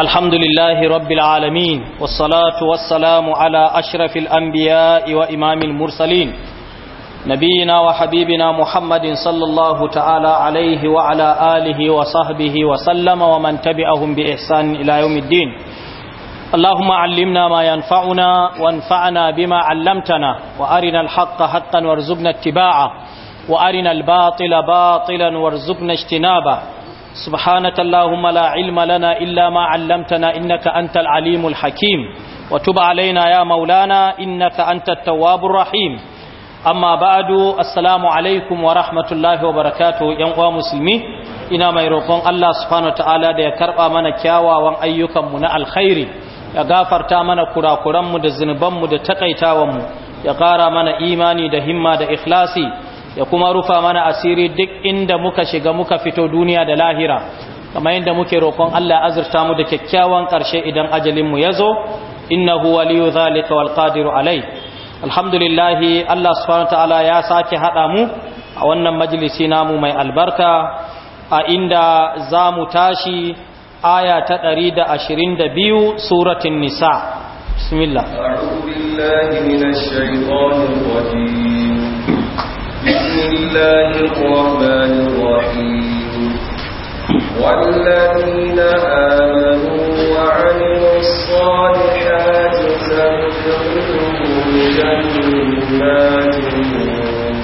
الحمد لله رب العالمين والصلاة والسلام على أشرف الأنبياء وإمام المرسلين نبينا وحبيبنا محمد صلى الله تعالى عليه وعلى آله وصحبه وسلم ومن تبعهم بإحسان إلى يوم الدين اللهم علمنا ما ينفعنا وانفعنا بما علمتنا وأرنا الحق حقا وارزقنا اتباعه وأرنا الباطل باطلا وارزقنا اجتنابه سبحانك اللهم لا علم لنا إلا ما علمتنا إنك أنت العليم الحكيم وتب علينا يا مولانا إنك أنت التواب الرحيم أما بعد السلام عليكم ورحمة الله وبركاته ينقوى musulmi. ina mai roƙon Allah subhanahu da ya karɓa mana kyawawan ayyukanmu na alkhairi ya gafarta mana kurakuranmu da zunubanmu da takaitawanmu ya ƙara mana imani da himma da ikhlasi ya kuma rufa mana asiri duk inda muka shiga muka fito duniya da lahira kamar yadda muke roƙon Allah azurta mu da kyakkyawan ƙarshe idan ajalin mu yazo innahu waliyu zalika wal qadiru alai alhamdulillah Allah subhanahu ta'ala ya sake hada mu a wannan majalisi namu mai albarka a inda zamu tashi aya ta 122 suratul nisa bismillah a'udhu billahi minash shaitanir rajim الله الرحمن الرحيم والذين آمنوا وعملوا الصالحات سنفرهم جنات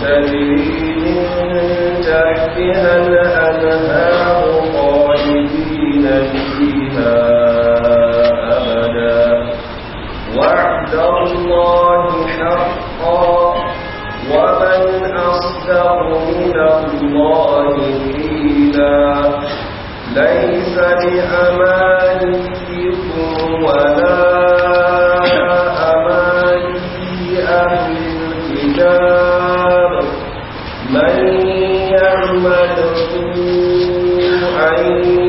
تجري من تحتها الأنهار خالدين فيها أبدا وعد الله حقا ومن أكثر من الله قيلا ليس لأمانيكم ولا أماني أهل الكتاب من يعمل سوءا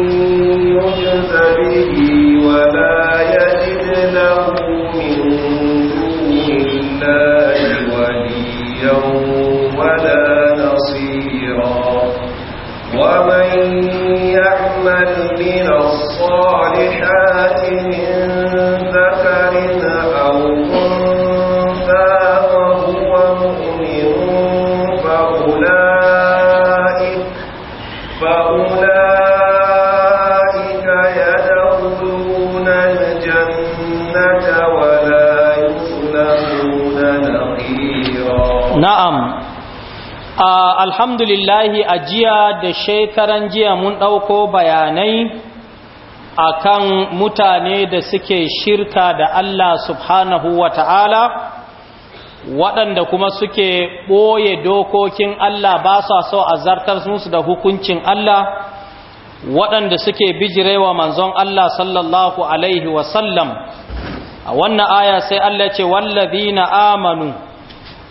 alhamdulillahi a jiya da shekaran jiya mun ɗauko bayanai akan mutane da suke shirka da Allah subhanahu wa ta'ala waɗanda kuma suke ɓoye dokokin Allah ba sa so a zartar musu da hukuncin Allah waɗanda suke bijirewa manzon Allah sallallahu Alaihi wasallam a wannan aya sai Allah ce wallafi na amanu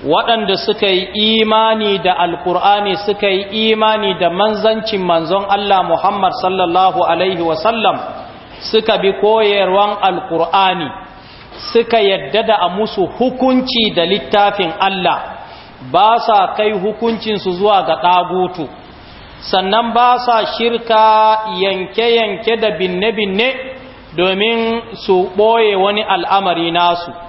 waɗanda suka yi imani da alkur'ani suka yi imani da manzancin manzon Allah Muhammad sallallahu Alaihi wasallam suka bi koyarwan alkur'ani suka yadda da a musu hukunci da littafin Allah ba sa kai hukuncinsu zuwa ga ɗagutu sannan ba sa shirka yanke-yanke da binne-binne domin su ɓoye wani al'amari nasu.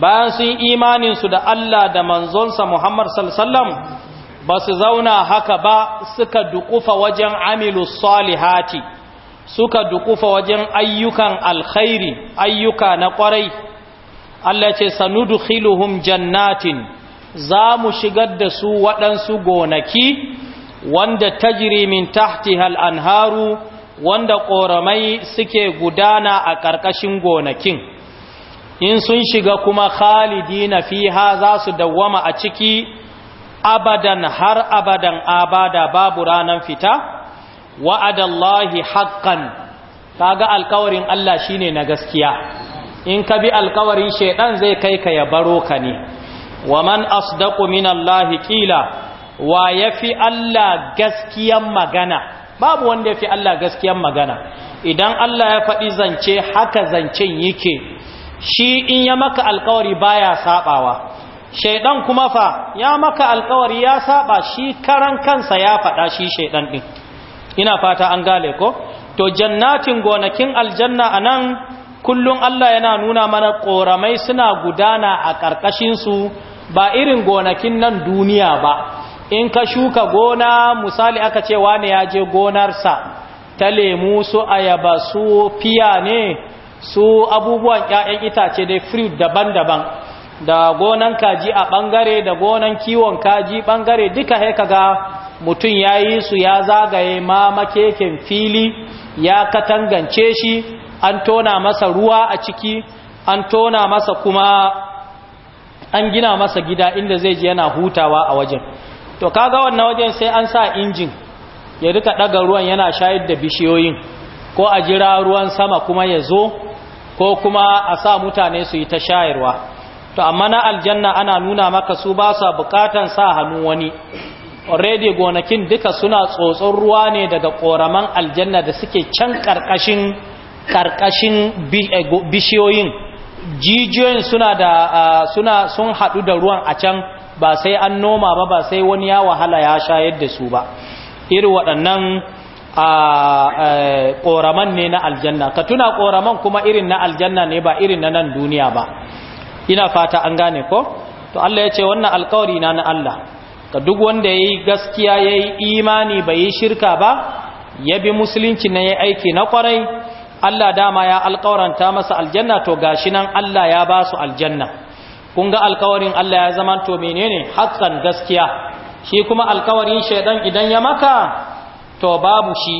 bayan sun imaninsu da Allah da manzonsa Muhammad sallallahu ba su zauna haka ba suka dukufa wajen amilu salihati suka dukufa wajen ayyukan alkhairi ayyuka na kwarai Allah ce sanudkhiluhum jannatin za mu shigar da su waɗansu gonaki wanda tajri min tahtiha al-anharu wanda ƙoramai suke gudana a ƙarƙashin gonakin in sun shiga kuma khalidina fiha za su dawwama a ciki abadan har abadan abada babu ranan fita wa'adallahi haqqan kaga alkawarin Allah shine na gaskiya in ka bi alkawarin shedan zai kai ka ya baro ka ne wa man asdaqu minallahi qila wa yafi Allah gaskiyan magana babu wanda yafi Allah gaskiyan magana idan Allah ya faɗi zance haka zancen yake shi in ya maka alkawari baya sabawa shaidan kuma fa ya maka alkawari ya saba shi karan kansa ya faɗa shi shaidan din ina fata an gale ko to jannatin gonakin aljanna anan kullun Allah yana nuna mana koramai suna gudana a karkashin su ba irin gonakin nan duniya ba in ka shuka gona misali aka ce wani ya je gonarsa ta lemu su ayaba su fiya ne su abubuwan 'ya'yan itace dai fruit daban-daban da gonan kaji a ɓangare da gonan kiwon kaji bangare duka haika ga mutum ya yi su ya zagaye ma makeken fili ya katangance shi an tona masa ruwa a ciki an tona masa kuma an gina masa gida inda zai ji yana hutawa a wajen to kaga wannan wajen sai an sa injin ya rika ɗaga ruwan yana shayar da bishiyoyin ko a jira ruwan sama kuma ya zo ko kuma a sa mutane su yi ta shayarwa to amma na aljanna ana nuna maka su ba sa bukatan sa hannu wani already gonakin duka suna tsotson ruwa ne daga koraman aljanna da suke can karkashin eh, bishiyoyin jijiyoyin suna da ah, suna sun haɗu da ruwan a can ba sai an noma ba ba sai wani ya wahala ya shayar da su ba irin waɗannan a e, ƙoraman ne na aljanna ka tuna ƙoraman kuma irin na aljanna ne ba irin na nan duniya ba ina fata an gane ko to Allah ya ce wannan alkawari na na Allah ka duk wanda ya gaskiya ya yi imani bai yi shirka ba ya bi musulunci na ya aiki na kwarai Allah dama ya alkawaranta masa aljanna to gashi nan Allah ya ba su aljanna kun ga alkawarin Allah ya zama to menene hakkan gaskiya shi kuma alkawarin shaidan idan ya maka to babu shi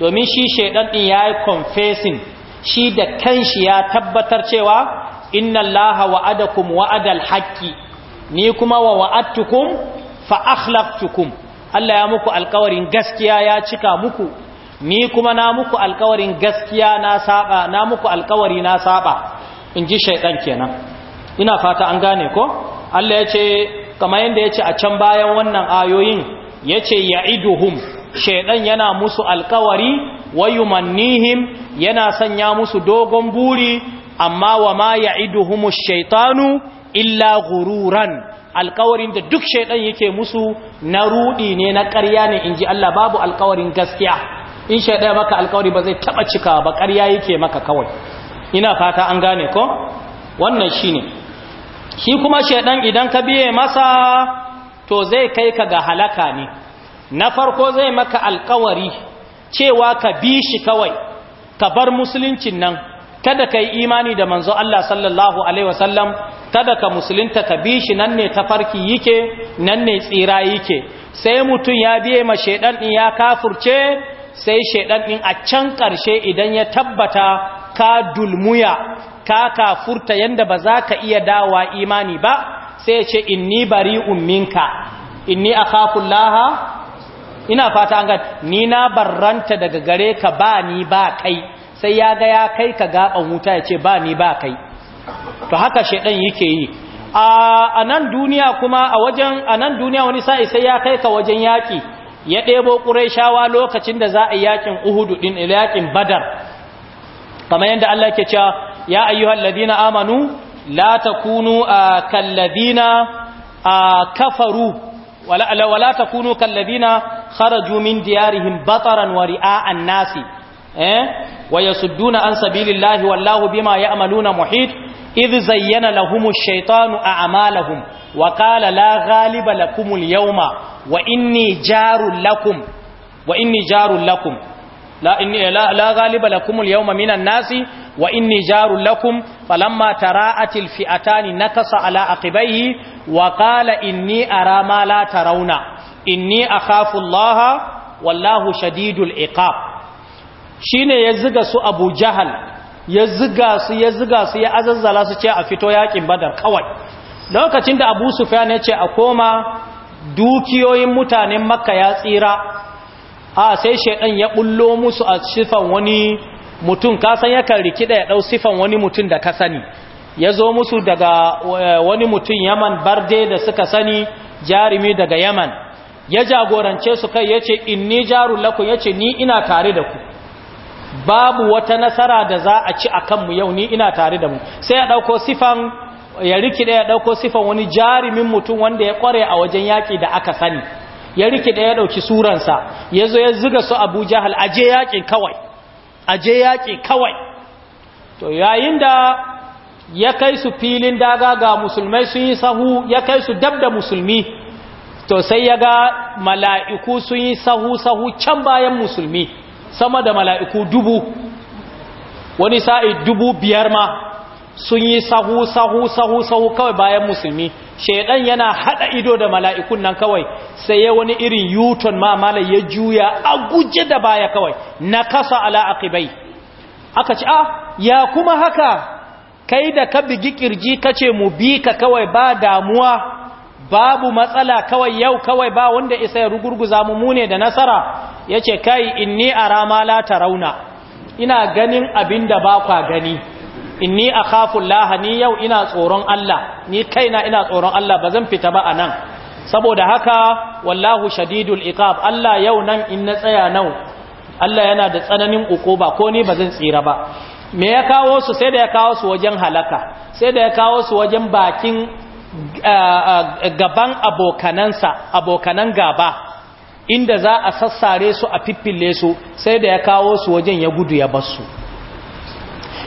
domin shi shaidan din ya yi confessing shi da kanshi ya tabbatar cewa inna allaha wa'adakum wa'adal haqqi ni kuma wa wa'adtukum fa tukum Allah ya muku alƙawarin gaskiya ya cika muku ni kuma na muku alƙawarin gaskiya na saba na muku alƙawari na saba inji shaidan kenan ina fata an gane ko Allah ya ce kamar yanda ya ce a can bayan wannan ayoyin ya ce duhum. shaidan yana musu alkawari wayumannihim yana sanya musu dogon buri amma wa ma ya'iduhumu shaitanu illa gururan alkawarin da duk shaidan yake musu na rudi ne na ƙarya ne inji Allah babu alkawarin gaskiya in shaidan maka alkawari ba zai taba cika ba ƙarya yake maka kawai ina fata an gane ko wannan shine shi kuma shaidan idan ka biye masa to zai kai ka ga halaka ne na farko zai maka alkawari cewa ka bi shi kawai ka bar musuluncin nan kada ka yi imani da manzo Allah sallallahu alaihi wasallam kada ka musulunta ka bi shi nan ne tafarki yake nan ne tsira yake sai mutum ya biye ma shedan din ya kafurce sai shedan din a can karshe idan ya tabbata ka dulmuya ka kafurta yanda ba za ka iya dawa imani ba sai ya ce inni bari'un minka inni akhafu laha ina fata an gani ni na barranta daga gare ka ba ni ba kai sai ya ga ya kai ka gaban wuta ya ce ba ni ba kai to haka shedan yake yi a nan duniya kuma a wajen a nan duniya wani sa'i sai ya kai ka wajen yaki ya ɗebo quraishawa lokacin da za a yi yakin uhudu din yakin badar kamar yadda Allah ke cewa ya ayyuhal ladina amanu la takunu kal ladina kafaru ولا, ولا تكونوا كالذين خرجوا من ديارهم بطرا ورئاء الناس إيه؟ ويصدون عن سبيل الله والله بما يعملون محيط إذ زين لهم الشيطان أعمالهم وقال لا غالب لكم اليوم وإني جار لكم وإني جار لكم لا, لا, لا غالب لكم اليوم من الناس wa inni jarul lakum falamma tara'atil fi'atani nakasa ala aqibaihi wa qala inni ara ma la tarawna inni akhafu allaha wallahu shadidul iqab shine ya ziga su abu jahal ya ziga su ya ziga su ya azazzala su ce a fito yakin badar kawai lokacin da abu sufyan ya ce a koma dukiyoyin mutanen makka ya tsira a sai shaidan ya bullo musu a shifan wani mutum kasan yakan rikida ya ɗau sifan wani mutum da ka sani ya zo musu daga eh, wani mutum yaman barde da suka sani jarumi daga yaman ya jagorance su kai ya ce inni jarun lakun ya ce ni ina tare da ku babu wata nasara da za a ci a kanmu yau ni ina tare da mu sai ya ɗauko sifan ya rikida ya ɗauko sifan wani jarumin mutum wanda ya ƙware a wajen yaƙi da aka sani ya rikida ya ɗauki suransa ya zo ya ziga su abu jahal aje yaƙin kawai aje yaƙi kawai to yayin da ya kai su filin daga ga musulmai sun yi sahu ya kai su dab da musulmi to sai ya ga mala'iku sun yi sahu-sahu can bayan musulmi sama da mala'iku dubu wani sa'i dubu biyar ma sun yi sahu sahu sahu sahu kawai bayan musulmi shaidan yana hada ido da mala'ikun nan kawai sai ya wani irin yuton ma mala ya juya a guje da baya kawai na kasa ala aqibai aka ci ah ya kuma haka kai da ka bigi kirji kace mu bi ka kawai ba damuwa babu matsala kawai yau kawai ba wanda isa ya rugurguza mu mune da nasara yace kai inni arama la tarauna ina ganin abinda ba kwa gani inni a Allah ni yau ina tsoron Allah ni kaina ina tsoron Allah ba zan fita ba a nan saboda haka wallahu shadidul iqab Allah yau nan in na tsaya nau Allah yana da tsananin ba ko ni ba zan tsira ba me ya kawo su sai da ya kawo su wajen halaka sai da ya kawo su wajen bakin gaban abokanansa abokanan gaba inda za a sassare su a fiffille su sai da ya kawo su wajen ya gudu ya bar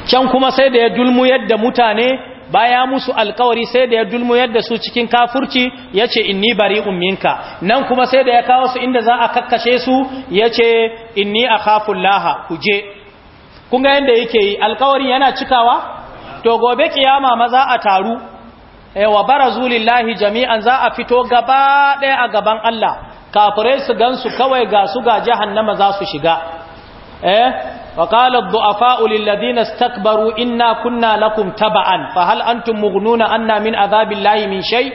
can kuma sai da ya dulmu yadda mutane baya musu alkawari sai da ya dulmu yadda su cikin kafurci yace ce inni bari umminka nan kuma sai da ya kawo su inda za a kakkashe su yace ce inni a kafin laha kuje kunga yadda yake yi alkawari yana cikawa to gobe kiyama maza a taru eh, wa barazulillahi jami'an za a fito gaba ɗaya a gaban Allah kafirai su gansu kawai ga su ga jahannama za su shiga eh wa qala ad-du'afa'u lil ladina istakbaru inna kunna lakum taba'an fa hal antum mughnuna anna min adhabillahi min shay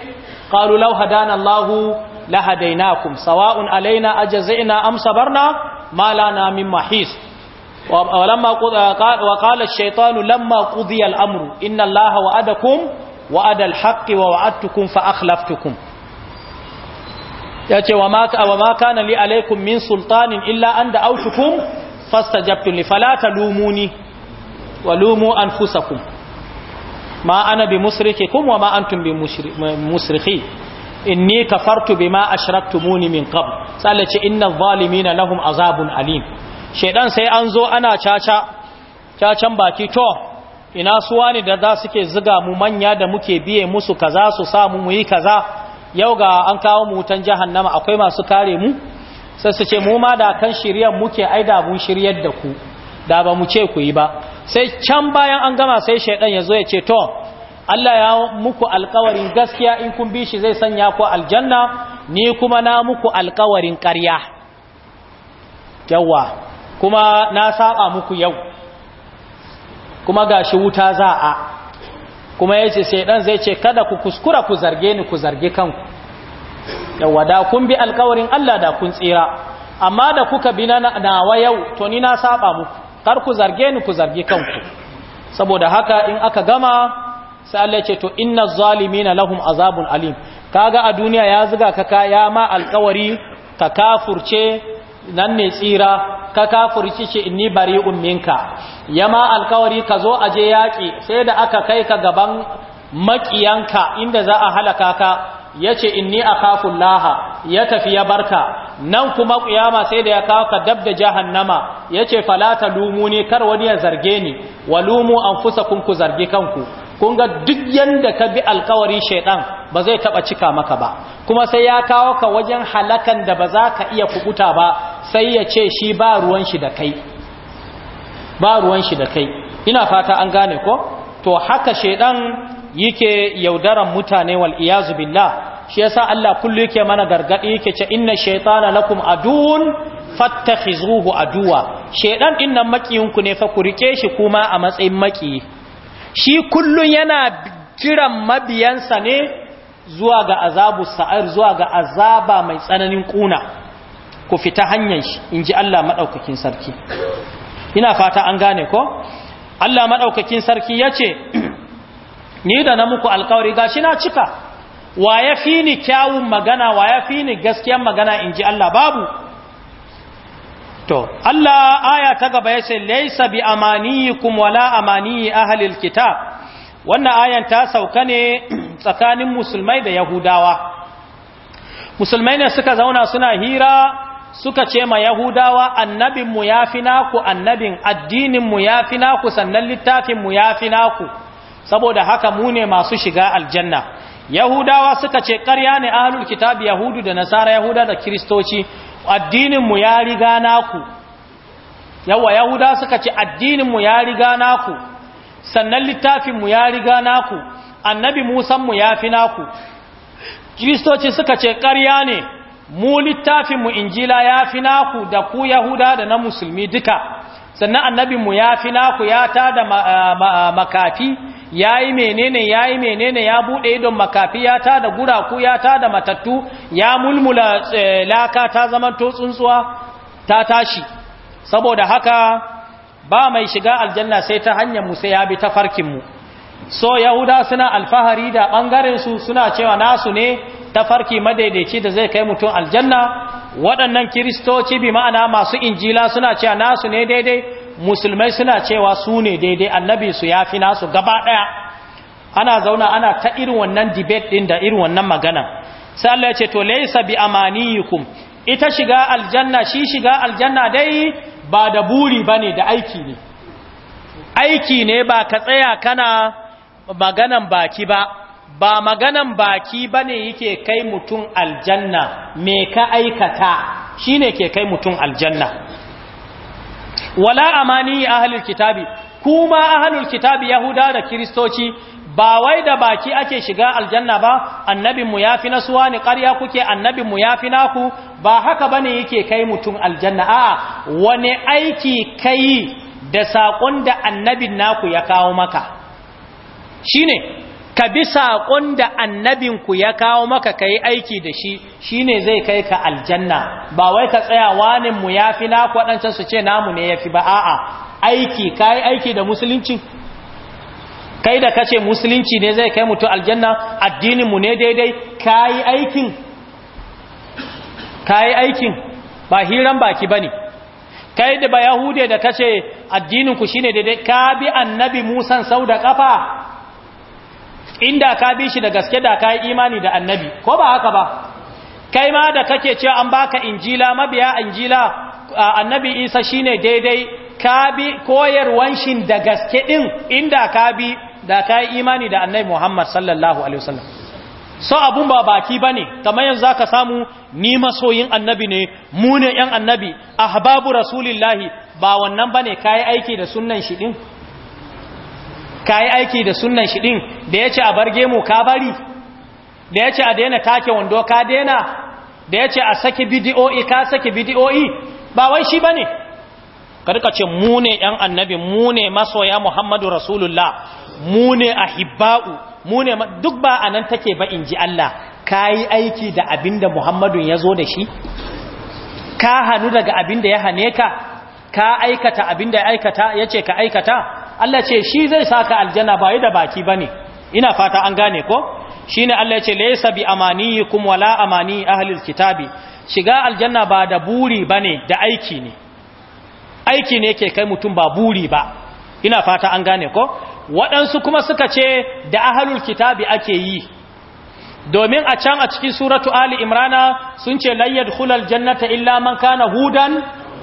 qalu law hadana Allahu la hadainakum sawa'un alaina ajza'na amsa barna ma lana min mahis ولما وقال الشيطان لما قضي الأمر إن الله وعدكم وعد الحق ووعدتكم فأخلفتكم يأتي وما, وما كان لي عليكم من سلطان إلا أن دعوتكم fastajabtu li falata talumuni wa lumu ku. ma ana bi kuma wa ma antum bi musrikhi inni kafartu bima ashraktumuni min qabl sallace innal na lahum azabun alim Shaidan sai an zo ana caca cacan baki to ina suwa ne da za suke ziga mu manya da muke biye musu kaza su samu mu yi kaza yau ga an kawo mu wutan jahannama akwai masu kare mu sai su ce mu ma da kan shiryar muke ai da mun shiryar da ku da ba mu ce ku yi ba sai can bayan an gama sai shaidan ya zo ya ce to Allah ya muku alkawarin gaskiya in kun bi shi zai sanya ku aljanna ni kuma na muku alkawarin ƙarya yawa kuma na saba muku yau kuma gashi wuta za a kuma yace shaidan zai ce kada ku kuskura ku zarge ni ku zarge kanku yawa da kun bi alkawarin Allah da kun tsira amma da kuka bi na nawa yau to ni na saba muku kar ku zarge ni ku zargi kanku saboda haka in aka gama sai Allah ce to inna zalimin lahum azabun alim kaga a duniya ya zuga ka ya ma alkawari ka kafurce nan ne tsira ka kafurci ce inni bari'un minka ma alkawari ka zo aje yaki sai da aka kai ka gaban makiyanka inda za a halaka ka ya ce inni a kafin ya tafi ya barka nan kuma kuyama sai da ya kawo ka dab da jahannama ya ce falata lumu ne kar wani ya zarge ni wa lumu an fusa kunku zargi kanku kun ga duk yadda ka bi alkawari shaidan ba zai taba cika maka ba kuma sai ya kawo ka wajen halakan da ba za ka iya kubuta ba sai ya ce shi ba ruwan shi da kai ba ruwan shi da kai ina fata an gane ko to haka shaidan yake yaudaran mutane wal iyazu billah shi yasa Allah kullu yake mana gargadi yake ce inna shaytana lakum aduun fattakhizuhu aduwa shedan din makiyinku ne fa ku rike shi kuma a matsayin maki shi kullun yana jiran mabiyansa ne zuwa ga azabu sa'ir zuwa ga azaba mai tsananin kuna ku fita hanyar shi inji Allah madaukakin sarki ina fata an gane ko Allah madaukakin sarki yace ni da na muku alkawari gashi na cika wa ya fi ni kyawun magana wa ya fi ni gaskiyan magana in ji Allah babu to Allah aya ta gaba ya ce laysa bi amaniyikum wala amaniyi ahlil kitab wannan ayan ta sauka ne tsakanin musulmai da yahudawa musulmai ne suka zauna suna hira suka ce ma yahudawa annabinmu ya fi naku annabin addininmu ya fi naku sannan littafinmu ya fi naku saboda haka mu ne masu shiga aljanna yahudawa suka ce ƙarya ne ahlul kitab yahudu da nasara yahuda da kristoci addinin mu ya riga naku yawa yahuda suka ce addinin mu ya riga naku sannan littafin mu ya riga naku annabi musan mu ya fi naku kristoci suka ce ƙarya ne mu littafin mu injila ya fi naku da ku yahuda da na musulmi duka sannan annabin mu ya fi naku ya tada makafi ya yi menene ya yi menene ya buɗe idon makafi ya ta da guraku ya ta da matattu ya mulmula eh, laka ta zaman tsuntsuwa ta tashi saboda haka ba mai shiga aljanna sai ta hanyar mu ya bi ta farkin mu so yahuda suna alfahari da su suna cewa nasu ne ta tafarki madaidaici da zai kai mutum aljanna waɗannan kiristoci bi ma'ana masu injila suna cewa nasu ne daidai musulmai suna cewa su ne daidai annabi su ya fi nasu gaba ɗaya ana zauna ana ta irin wannan debate ɗin da irin wannan magana sai Allah ya ce to laysa bi amaniyikum ita shiga aljanna shi shiga aljanna dai ba da buri bane da aiki ne aiki ne ba ka tsaya kana maganan baki ba ba maganan baki bane yake kai mutum aljanna me ka aikata shine ke kai mutum aljanna wala amani ahlul kitabi kuma ahlul kitabi yahuda da kristoci ba wai da baki ake shiga aljanna ba annabinmu ya fi nasuwa ne ƙarya kuke annabinmu ya fi naku ba haka bane yake kai mutum aljanna a'a wani aiki kai da saƙon da annabin naku ya kawo maka shine ka bi saƙon da annabinku ya kawo maka ka yi aiki da shi shi ne zai kai ka aljanna ba wai ka tsaya waninmu ya fi na waɗancan su ce namu ne ya fi ba a'a aiki ka yi aiki da musulunci kai da kace musulunci ne zai kai mutu aljanna addininmu ne daidai ka yi aikin ka yi aikin ba hiran baki ba ne kai da ba yahude da kace addininku shi ne daidai ka bi annabi musan sau da ƙafa inda ka bi shi da gaske da ka yi imani da annabi ko ba haka ba kai ma da kake cewa an baka injila mabiya injila annabi isa shine daidai ka bi koyarwan shi da gaske din inda ka bi da ka yi imani da annabi muhammad sallallahu alaihi wasallam so abun ba baki bane kamar yanzu zaka samu ni masoyin annabi ne mu ne yan annabi ahbabu rasulillahi ba wannan bane kai aiki da sunnan shi din ka yi aiki da sunan shi ɗin da ya ce a barge mu ka bari da ya ce a daina take wando ka daina da ya ce a saki bidiyo'i ka saki bidiyo'i ba wai shi ba ne karka ce mu ne ‘yan annabi mu ne masoya muhammadu rasulullah mu ne a mu ne duk ba a nan take ba in ji Allah ka yi aiki da abin da muhammadun ya zo da shi ka hannu daga abinda ya hane ka ka aikata abin da ya aikata ya ce ka aikata Allah ce shi zai saka aljanna ba yi da baki ne ina fata an gane ko ne Allah ce laysa bi amaniyikum wala amani ahalil kitabi shiga aljanna ba da buri ne da aiki ne aiki ne ke kai mutum ba buri ba ina fata an gane ko waɗansu kuma suka ce da ahlul kitabi ake yi domin a can a cikin suratu ali imrana sun ce layyad hulal jannata illa man kana hudan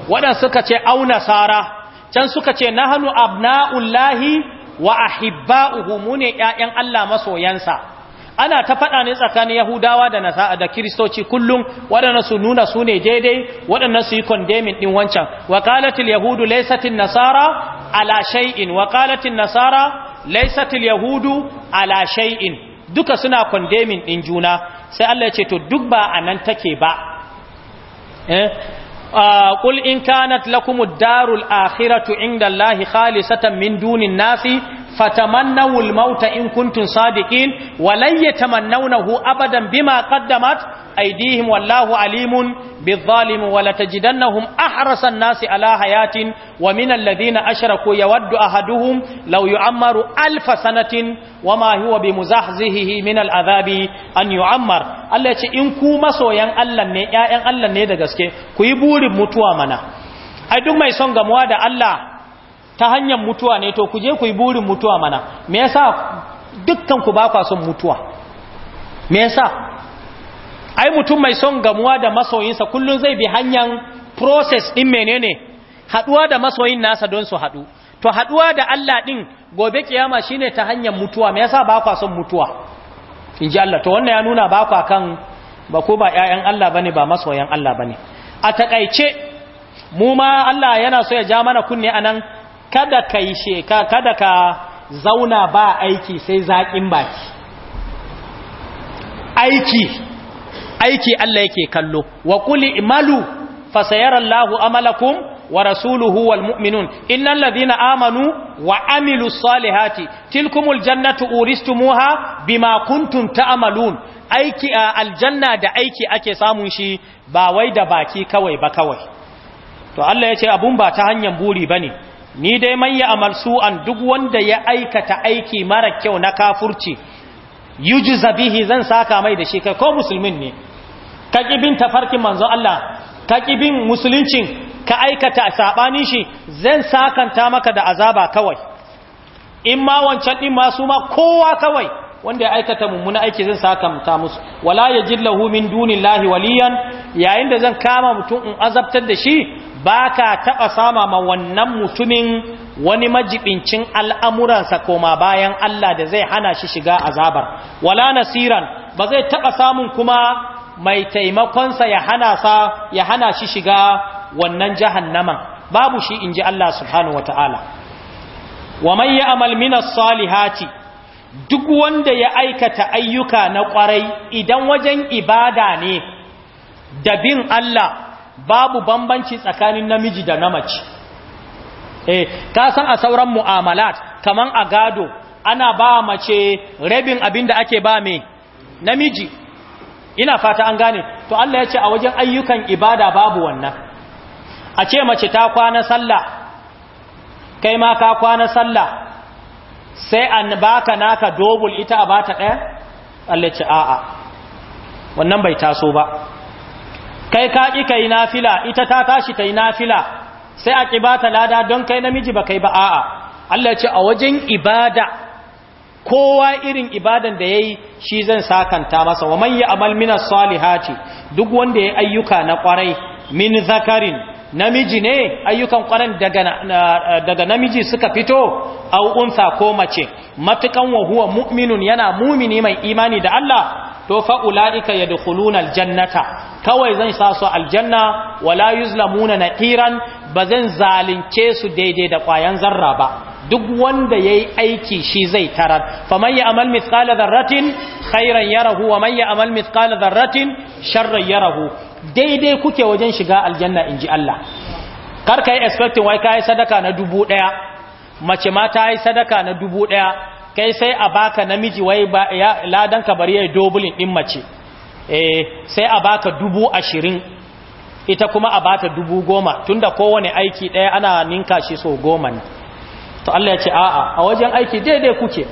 waɗansu suka ce au nasara can suka ce nahanu abna'ullahi wa ahibba'uhu mune yayan Allah masoyansa ana ta faɗa ne tsakanin Yahudawa da Nasa'a da Kiristoci kullum waɗanda su nuna su ne daidai waɗanda su yi kondemin ɗin wancan wa yahudu laisatin nasara ala shay'in wa nasara laisatul yahudu ala shay'in duka suna kondemin ɗin juna sai Allah ya ce to duk ba a nan take ba eh? qul in kanat lakumud darul akhiratu inda allahi khalisatan min dunin nasi fatamannawu al-mauta in kuntum sadiqin walan yatamannawnahu abadan bima qaddamat aydihim wallahu alimun bizzalimin wala tajidannahum ahrasan nasi ala hayatin wa min ashraku yawaddu ahaduhum law yu'ammaru alf sanatin wama huwa bimuzahzihi min al'adhabi an in ku masoyan Allah ne ƴaƴan Allah ne da gaske ku yi burin mutuwa mana ai duk mai son gamuwa da Allah ta hanyar mutuwa ne to ku je ku yi burin mutuwa mana me yasa dukkan ku ba son mutuwa me yasa ai mutum mai son gamuwa da masoyinsa kullun zai bi hanyar process din menene haduwa da masoyin nasa don su hadu to haduwa da Allah din gobe kiyama shine ta hanyar mutuwa me yasa ba kwa son mutuwa inji Allah to wannan ya nuna ba kwa kan ba ko ba ƴaƴan Allah bane ba masoyan Allah bane a takaice mu ma Allah yana so ya ja mana kunne anan kada ka yi sheka kada ka zauna ba aiki sai zaƙin baki aiki aiki Allah yake kallo wa kuli imalu fasayarallahu amalakum wa rasuluhu wal mu'minun innal ladhina amanu wa amilus salihati tilkumul jannatu uristumuha bima kuntum ta'malun aiki aljanna da aiki ake samun shi ba wai da baki kawai ba kawai to Allah yace abun ba ta hanyar buri bane ni dai man ya amal su'an duk wanda ya aikata aiki mara kyau na kafurci yujza bihi zan saka mai da shi kai ko musulmin ne ka kibin tafarkin manzo Allah ka kibin musuluncin ka aikata saɓani shi zan sakanta maka da azaba kawai in ma wancan din ma ma kowa kawai wanda ya aikata mummuna aiki zan sakamta musu wala yajillahu min dunillahi waliyan yayin da zan kama mutum in azabtar da shi baka taba sama ma wannan mutumin wani majibincin al'amuransa koma bayan Allah da zai hana shi shiga azabar wala nasiran ba zai taba samun kuma mai taimakonsa ya hana sa ya hana shi shiga wannan jahannaman babu shi inji Allah subhanahu wataala wa man ya'mal minas salihati duk wanda ya aikata ayyuka na kwarai idan wajen ibada ne da bin Allah babu bambanci tsakanin namiji da na mace eh ka san a sauran mu'amalat kaman a gado ana ba mace rabin abin da ake ba me namiji ina fata an gane to Allah ya ce a wajen ayyukan ibada babu wannan a ce mace ta kwana sallah kai ma ka kwana sallah sai an baka naka dobul ita a bata ɗaya Allah ce a'a wannan bai taso ba kai ka ki ka yi nafila ita ta tashi ta yi nafila sai a ƙi bata lada don kai namiji ba kai ba a'a Allah ce a wajen ibada kowa irin ibadan da ya yi shi zan sakanta masa wa man yi amal minas salihati duk wanda ya ayyuka na kwarai min zakarin namiji ne ayyukan kwanan daga namiji suka fito au unsa ko mace matukan wahuwa mu'minun yana mumini mai imani da Allah to fa ulaika yadkhuluna aljannata kawai zan sa su aljanna wala yuzlamuna natiran zan zalince su daidai da kwayan zarra ba duk wanda yayi aiki shi zai tarar faman ya'mal mithqala zarratin khairan yarahu wa man ya'mal mithqala dharratin sharran yarahu daidai kuke wajen shiga aljanna in ji Allah kar ka yi expecting wai ka yi sadaka na dubu ɗaya mace ma ta sadaka na dubu ɗaya kai sai a baka namiji wai ba ya ladan ka bari yayi dobulin din mace eh sai a baka dubu ashirin ita kuma a bata dubu goma tunda kowane aiki ɗaya ana ninka shi so goma ne to Allah ya ce a'a a wajen aiki daidai kuke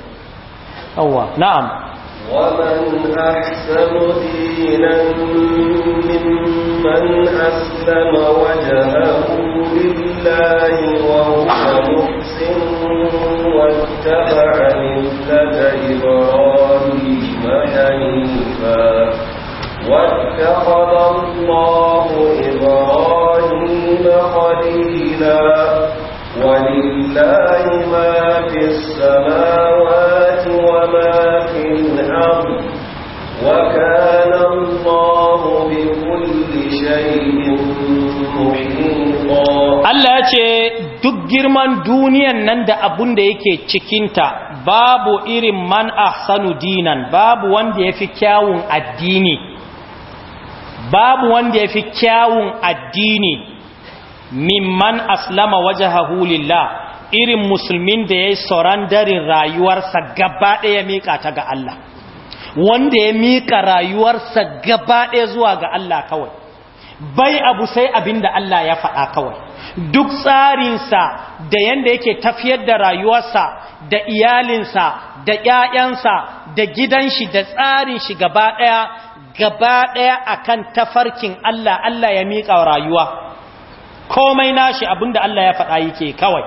yawwa na'am ومن أحسن دينا ممن أسلم وجهه لله وهو محسن واتبع ملة إبراهيم حنيفا واتخذ الله إبراهيم خليلا ولله ce duk girman duniyan nan da abun da yake cikinta babu irin man ahsanu dinan babu wanda ya fi kyawun addini babu wanda ya fi kyawun addini mimman aslama wajahahu lillah irin musulmin da ya yi darin rayuwarsa gaba ɗaya miƙa ta ga Allah wanda ya miƙa rayuwarsa gaba ɗaya zuwa ga Allah kawai bai abu sai abinda Allah ya faɗa kawai duk tsarinsa da yanda yake tafiyar da rayuwarsa da iyalinsa da ƴaƴansa da gidan shi da tsarin shi gaba ɗaya gaba ɗaya akan tafarkin Allah Allah ya miƙa rayuwa komai nashi abinda Allah ya faɗa yake kawai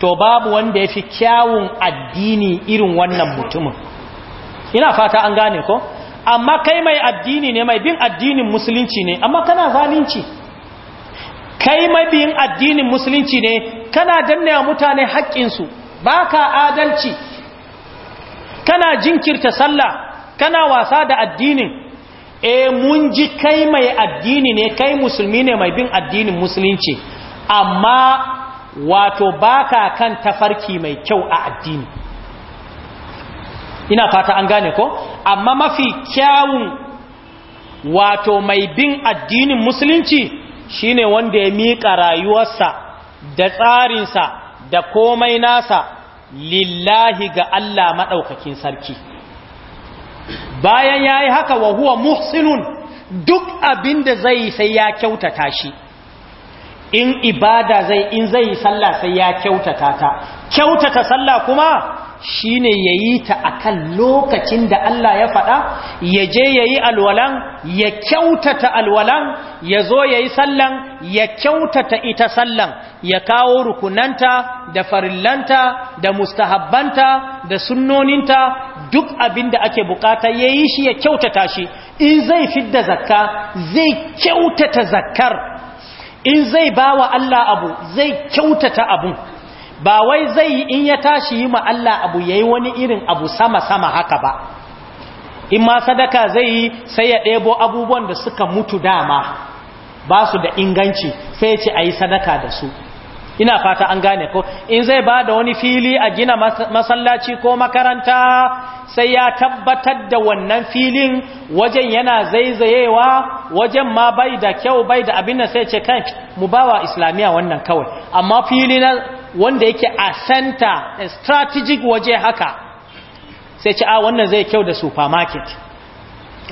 to babu wanda ya fi kyawun addini irin wannan mutumin ina fata an gane ko amma kai mai addini ne mai bin addinin musulunci ne amma kana zalunci kai mabiyin addinin musulunci ne kana danna mutane haƙƙinsu ba ka adalci kana jinkirta sallah kana wasa da addinin e mun ji kai mai addini ne kai musulmi ne mai bin addinin musulunci amma wato baka kan tafarki mai kyau a addini ina fata an gane ko amma mafi kyawun wato mai bin addinin musulunci shine wanda ya miƙa rayuwarsa da tsarinsa da komai nasa lillahi ga Allah maɗaukakin sarki bayan ya yi haka wa huwa muhsinun duk abin da zai sai ya kyautata shi in ibada zai in zai yi sallah sai ya kyautata ta kyautata sallah kuma shine yayi ta akan lokacin da Allah ya faɗa ya je yayi alwalan ya kyautata alwalan ya zo yayi sallan ya kyautata ita sallan ya kawo rukunanta da farillanta da mustahabbanta da sunnoninta duk abin da ake bukata yayi shi ya kyautata shi in zai fidda zakka zai kyautata zakkar in zai bawa Allah abu zai kyautata abun ba wai zai yi in ya tashi yi ma Allah abu yayi wani irin abu sama-sama haka ba in ma sadaka zai yi sai ya ɗebo abubuwan da suka mutu dama ba su da inganci sai ce a yi sadaka da su ina fata an gane ko in zai ba da wani fili a gina masallaci ko makaranta sai ya tabbatar da wannan filin wajen yana zaizayewa wajen ma bai da kyau bai da abin da sai ce kan mu bawa islamiya wannan kawai amma fili na wanda yake a center a strategic waje haka sai ce a ah, wannan zai kyau da supermarket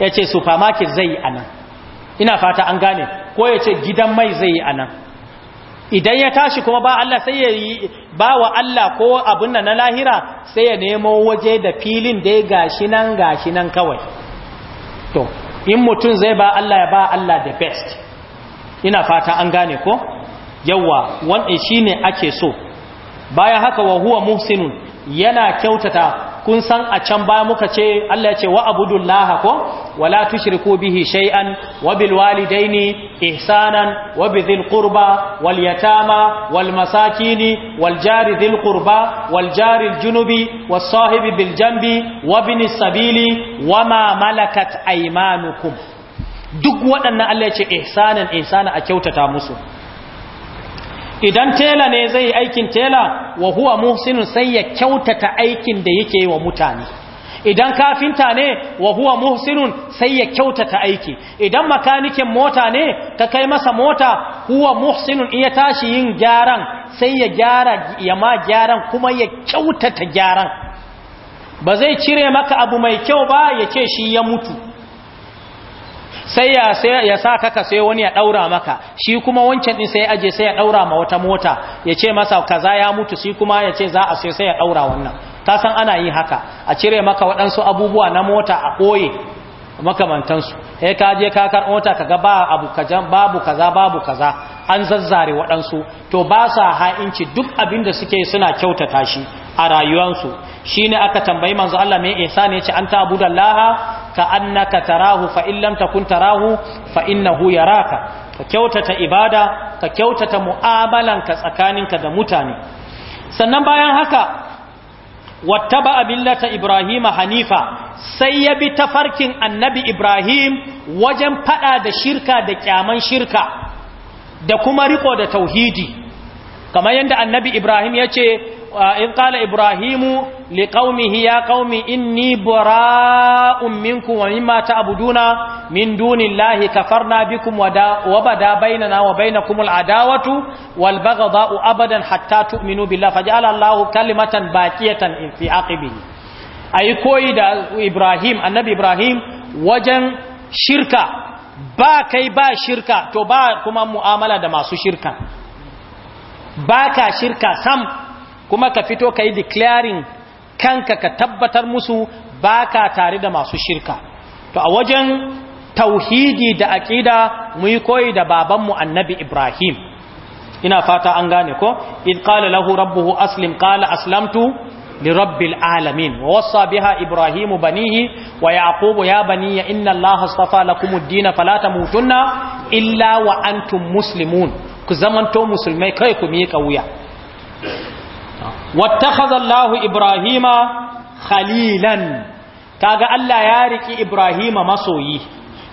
ya ce supermarket zai yi anan ina fata an gane ko ya ce gidan mai zai yi anan idan ya tashi kuma ba Allah sai ya yi ba wa Allah ko abin nan na lahira sai ya nemo waje da filin dai gashi nan gashi nan kawai to in mutum zai ba Allah ya ba Allah the best ina fata an gane ko yawa wannan shine ake so bayan haka wa huwa muhsinun yana kyautata kun san a can baya muka ce Allah ya ce wa abudullaha ko wala tushriku bihi shay'an wa bil walidaini ihsanan wa bidhil qurba wal yatama wal masakini wal jari dhil qurba wal jari al junubi was sahibi bil janbi wa bin sabili wa ma malakat aymanukum duk waɗannan Allah ya ce ihsanan ihsana a kyautata musu idan tela ne zai aikin tela wa huwa muhsinun sai ya kyautata aikin da yake wa mutane idan kafinta ne wa huwa muhsinun sai ya kyautata aiki idan makanikin mota ne ka kai masa mota huwa muhsinun iya tashi yin gyaran sai ya gyara ya ma gyaran kuma ya kyautata gyaran ba zai cire maka abu mai kyau ba ya ce shi ya mutu sai ya sa ka ka sai wani ya daura maka shi kuma wancan din sai ya aje sai ya daura ma wata mota ya ce masa kaza ya mutu shi kuma ya ce za a sai sai ya daura wannan ta san ana yi haka a cire maka waɗansu abubuwa na mota a ɓoye makamantansu eh ka je ka mota kaga ba abu kajan babu kaza babu kaza an zazzare waɗansu to ba sa ha'inci duk abin da suke suna kyautata shi a rayuwansu shine aka tambayi manzo Allah me ihsani ce anta abudallaha ka annaka tarahu fa in lam takun tarahu fa innahu yaraka ka kyautata ibada ka kyautata mu'amalanka tsakaninka da mutane sannan bayan haka wattaba millata ibrahima hanifa sai ya bi tafarkin annabi ibrahim wajen fada da shirka da kyaman shirka da kuma riko da tauhidi kamar yadda annabi ibrahim ya ce in qala ibrahimu liqaumihi ya in inni bara'un minkum wa mimma ta'buduna min dunillahi kafarna bikum wa bada bainana wa bainakum al'adawatu wal baghdha'u abadan hatta tu'minu billahi faj'ala Allahu kalimatan baqiyatan fi aqibihi ayi koyi da Ibrahim annabi Ibrahim wajen shirka ba kai ba shirka to ba kuma mu'amala da masu shirka ba ka shirka sam kuma ka fito ka yi declaring kanka ka tabbatar musu baka tare da masu shirka to a wajen tauhidi da aƙida mu yi koyi da babanmu annabi ibrahim ina fata an gane ko id qala lahu rabbuhu aslim qala aslamtu لرب العالمين ووصى بها إبراهيم بنيه ويعقوب يا بني إن الله اصطفى لكم الدين فلا تموتن إلا وأنتم مسلمون كزمن تو مسلمي كيكم يكويا wattakhadha Allahu Ibrahima khalilan kaga Allah ya riki Ibrahima masoyi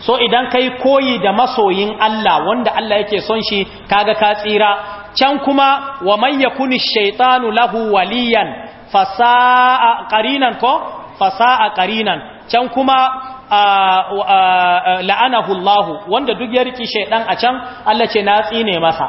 so idan kai koyi da masoyin Allah wanda Allah yake son shi kaga ka tsira can kuma wa man yakuni shaytanu lahu waliyan fasaa qarinan ko fasaa qarinan can kuma la'anahu Allah wanda duk ya riki shaiɗan a can Allah ce na tsine masa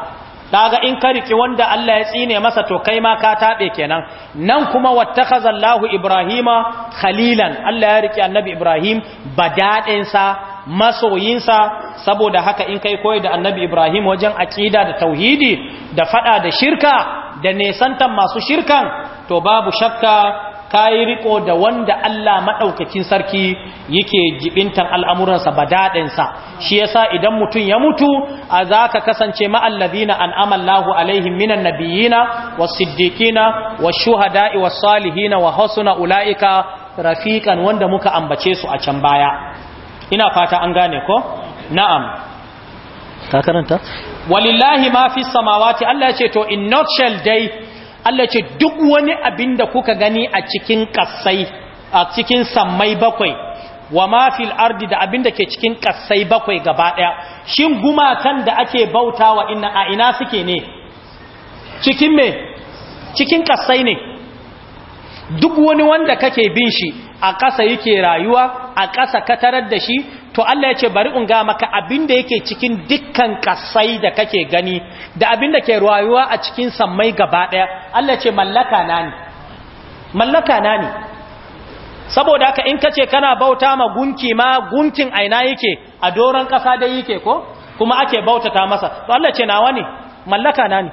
daga in ka riki wanda Allah ya tsine masa to kai ma ka taɓe kenan nan kuma wattakhazallahu Allahu Ibrahima khalilan Allah ya riki annabi Ibrahim badadin sa masoyin sa saboda haka in kai koyi da annabi Ibrahim wajen aƙida da tauhidi da fada da shirka da nesantan masu shirkan to babu shakka ka yi riko da wanda Allah maɗaukakin sarki yake jibintan al'amuransa ba daɗinsa shi yasa idan mutum ya mutu a za ka kasance ma'allazina an amallahu alaihim minan nabiyina wa siddiƙina wa shuhada'i wa salihina wa hasuna ula'ika rafiƙan wanda muka ambace su a can baya ina fata an gane ko na'am karanta walillahi ma fi samawati Allah ya ce to in shall dai Allah ce duk wani abin da kuka gani a cikin kassai a cikin sammai bakwai wa ma ardi da abin da ke cikin kassai bakwai gaba daya shin gumakan da ake bautawa inna a ina suke ne cikin me cikin kassai ne duk wani wanda kake bin shi a ƙasa yake rayuwa a ƙasa ka tarar da shi to Allah ya ce bari in ga maka abin da yake cikin dukkan kasai da kake gani da abin da ke rayuwa a cikin sammai gaba daya Allah ce mallaka na ne mallaka na ne saboda haka in kace kana bauta ma gunki ma guntin aina yake a doron kasa da yake ko kuma ake bautata masa to Allah ce nawa ne mallaka na ne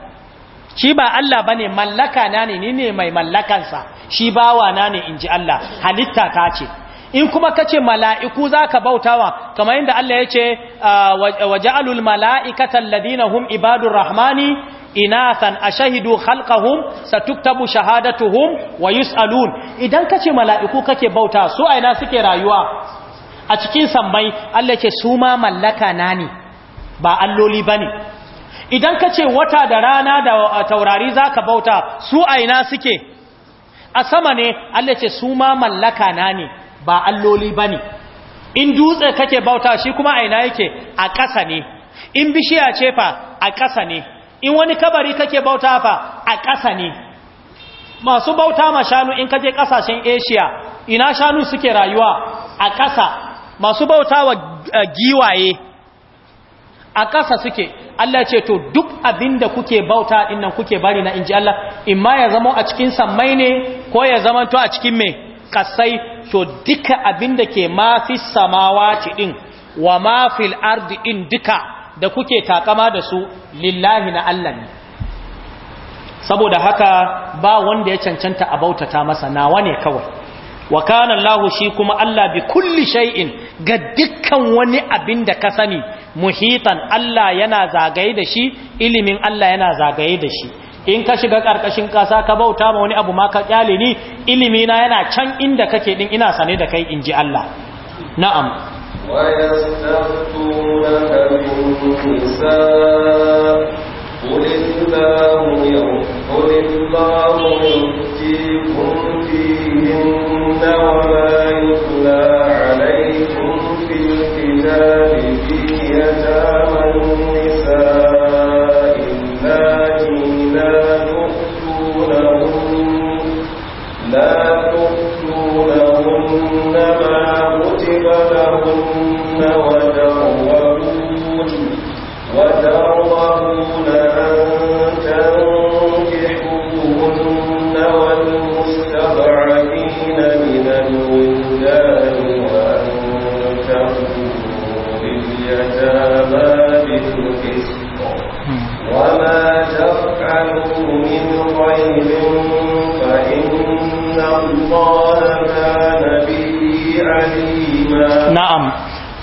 shi ba Allah bane mallaka na ne ni ne mai mallakansa shi bawa na ne inji Allah halitta ta ce in kuma kace mala'iku zaka bautawa kamar yadda Allah yace ah, waja'alul mala'ikata alladhina hum ibadur rahmani inathan ashahidu khalqahum satuktabu shahadatuhum wa yusalun idan kace mala'iku kake bauta su aina suke rayuwa a cikin sambai Allah ce su ma mallaka na ne ba alloli bane idan kace wata da rana da taurari zaka bauta su aina suke a sama ne Allah ce su ma mallaka na ne ba alloli ba ne in dutse kake bauta shi kuma a ina yake a ƙasa ne in bishiya ce fa a ƙasa ne in wani kabari kake bauta fa a ƙasa ne masu bauta ma shanu in kaje ƙasashen asia ina shanu suke rayuwa a ƙasa masu bauta wa eh, giwaye a ƙasa suke Allah ce to duk abin da kuke bauta innan kuke bari na inji Allah in ma ya zama a cikin sammai ne ko ya zama to a cikin mai kasai to duka da ke mafi samawati din wa mafil ardi in duka da kuke takama da su lillahi na Allah ne saboda haka ba wanda ya cancanta a bautata masa nawa ne kawai wa kana Allah shi kuma Allah bi kulli shay'in ga dukkan wani abin da ka sani muhitan Allah yana zagaye da shi ilimin Allah yana zagaye da shi in ka shiga ƙarƙashin ƙasa ka bauta ma wani abu ma ka kyale ni ilimi na yana can inda kake din ina sane da kai inji Allah na'am wa yastaftunaka min qulillahu قل الله قل الله يفتيكم فيهن وما يتلى عليكم في الكتاب في ولا تؤتونهن ما كتب لهن وترغبون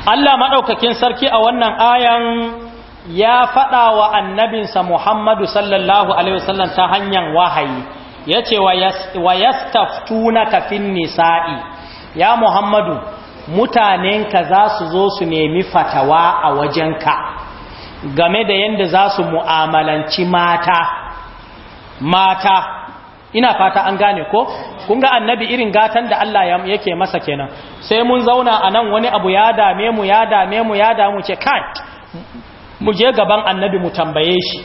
Allah maɗaukakin sarki a wannan ayan ya faɗa wa annabinsa Muhammadu sallallahu Alaihi wasallam ta hanyar wahayi ya ce wa yastaftuna kafin nisa'i ya Muhammadu mutanenka za su zo su nemi fatawa a wajenka game da yadda za su mu'amalanci mata mata ina fata an gane ko kun ga annabi irin gatan da Allah yake masa kenan sai mun zauna a nan wani abu ya dame mu ya dame mu ya damu ce kai mu je gaban annabi mu tambaye shi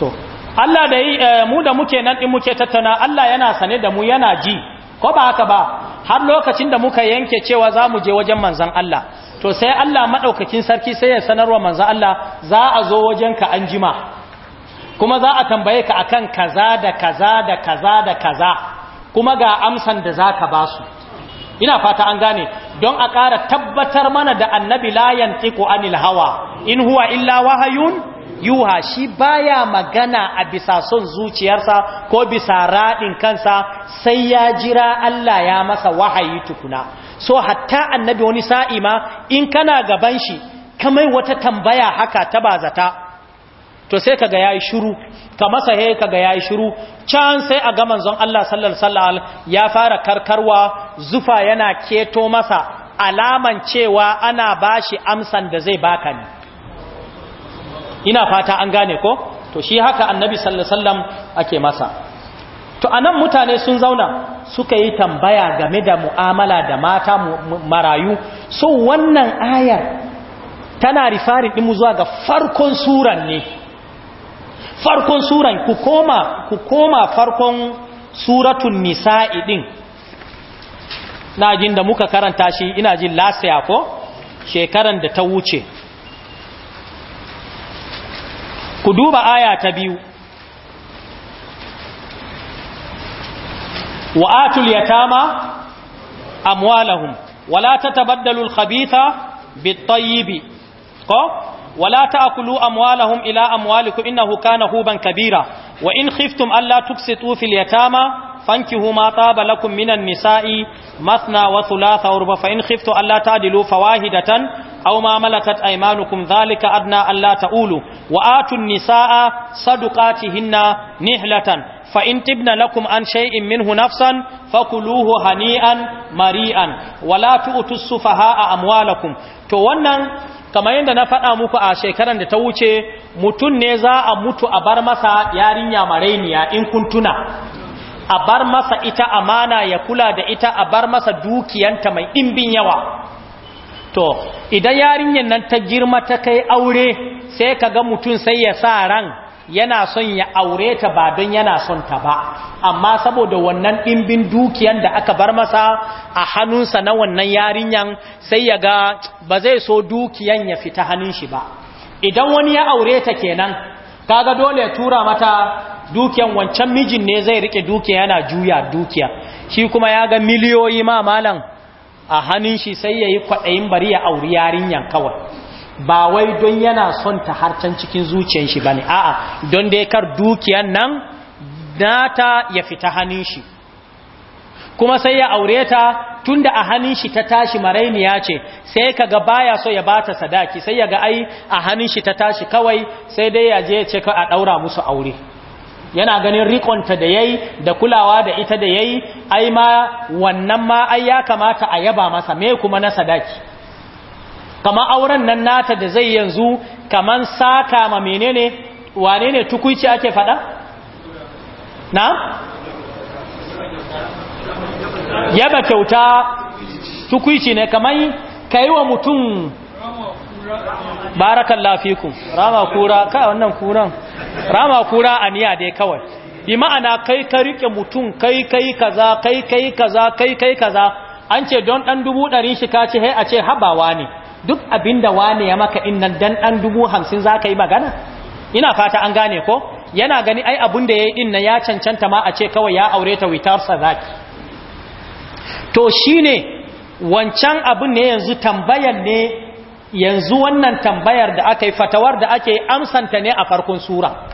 to Allah da yi eh, mu da muke nan din muke tattauna Allah yana sane da mu yana ji ko ba haka ba har lokacin da muka yanke cewa za mu je wajen manzon Allah to sai Allah madaukakin sarki sai ya sanarwa manzon Allah za a zo wajenka anjima kuma za a tambaye ka akan kaza da kaza da kaza da kaza kuma ga amsan da za ka ba su ina fata an gane don a ƙara tabbatar mana da annabi layan tiko anil hawa in huwa illa wahayun yuha shi baya magana a bisa son zuciyarsa ko bisa raɗin kansa sai ya jira Allah ya masa wahayi tukuna so hatta annabi wani sa'i ma in kana gaban shi kamai wata tambaya haka ta bazata to sai kaga yayi shiru ka masa he kaga yayi shiru can sai a ga manzon Allah sallallahu alaihi ya fara karkarwa zufa yana keto masa alaman cewa ana bashi amsan da zai baka ni. ina fata an gane ko to shi haka annabi sallallahu alaihi ake masa to anan mutane sun zauna suka yi tambaya game da mu'amala da mata marayu so wannan ayar tana rifarin ɗinmu zuwa ga farkon suran ne farkon suran ku koma farkon suratun nisa'i din na jin da muka karanta shi ina jin lasaya ko shekaran da ta wuce ku duba aya ta biyu wa yatama amwalahum wala ta al-khabitha bit-tayyibi ko ولا تأكلوا أموالهم إلى أموالكم إنه كان هوبا كبيرا وإن خفتم ألا تبسطوا في اليتامى فانكهوا ما طاب لكم من النساء مثنى وثلاث وربع فإن خفتم ألا تعدلوا فواحدة أو ما ملكت أيمانكم ذلك أدنى ألا تؤولوا وآتوا النساء صدقاتهن نهلة فإن تبن لكم عن شيء منه نفسا فكلوه هنيئا مريئا ولا تؤتوا السفهاء أموالكم تو wannan kamar yadda na faɗa muku a shekaran da ta wuce mutum ne za a mutu a bar masa yarinya marainiya in kun tuna a bar masa ita amana ya kula da ita a bar masa dukiyanta mai ɗimbin yawa to idan yarinyar nan ta girma ta kai aure sai ka ga mutum sai ya sa ran yana son ya aure ta ba don yana son ta ba amma saboda wannan ɗimbin dukiyan da aka bar masa a hannunsa na wannan yarinyan sai ya ga ba zai so dukiyan ya fita hannun shi ba idan wani ya aure ta kenan kaga dole ya tura mata dukiyan wancan mijin ne zai rike dukiya yana juya dukiya shi kuma ya ga miliyoyi ma malam a hannun shi sai ya yi kwaɗayin bari ya auri yarinyan kawai ba wai don yana son ta har harcan cikin zuciyar shi bane a'a don dai kar dukiyan nan nata ya fita hannun shi kuma sai ya aure ta tunda a hannun shi ta tashi marainiya ce sai kaga baya so ya bata sadaki sai ya ga ai a hannun shi ta tashi kawai sai dai ya je ya ce ka a daura musu aure yana ganin rikonta da yayi da kulawa da ita da yayi ai ma wannan ma ai ya kamata a yaba masa me kuma na sadaki kama auren nan nata da zai yanzu kaman saka ma menene wane ne tukuici ake fada na yaba kyauta tukuici ne Ka kai wa mutum barakan lafikun rama kura ka wannan kuran rama kura aniya dai kawai bi ma'ana kai ka rike mutum kai kai kaza kai kai kaza kai kai kaza an ce don dan dubu ɗari shi ka ce hai a ce habawa ne duk abinda wane ya maka innan dan dan dubu hamsin za ka yi magana ina fata an gane ko yana gani ai abin da ya yi innan ya cancanta ma a ce kawai ya aure ta witar zaki. to shi ne wancan abin ne yanzu tambayar ne yanzu wannan tambayar da aka yi fatawar da ake amsanta ne a farkon sura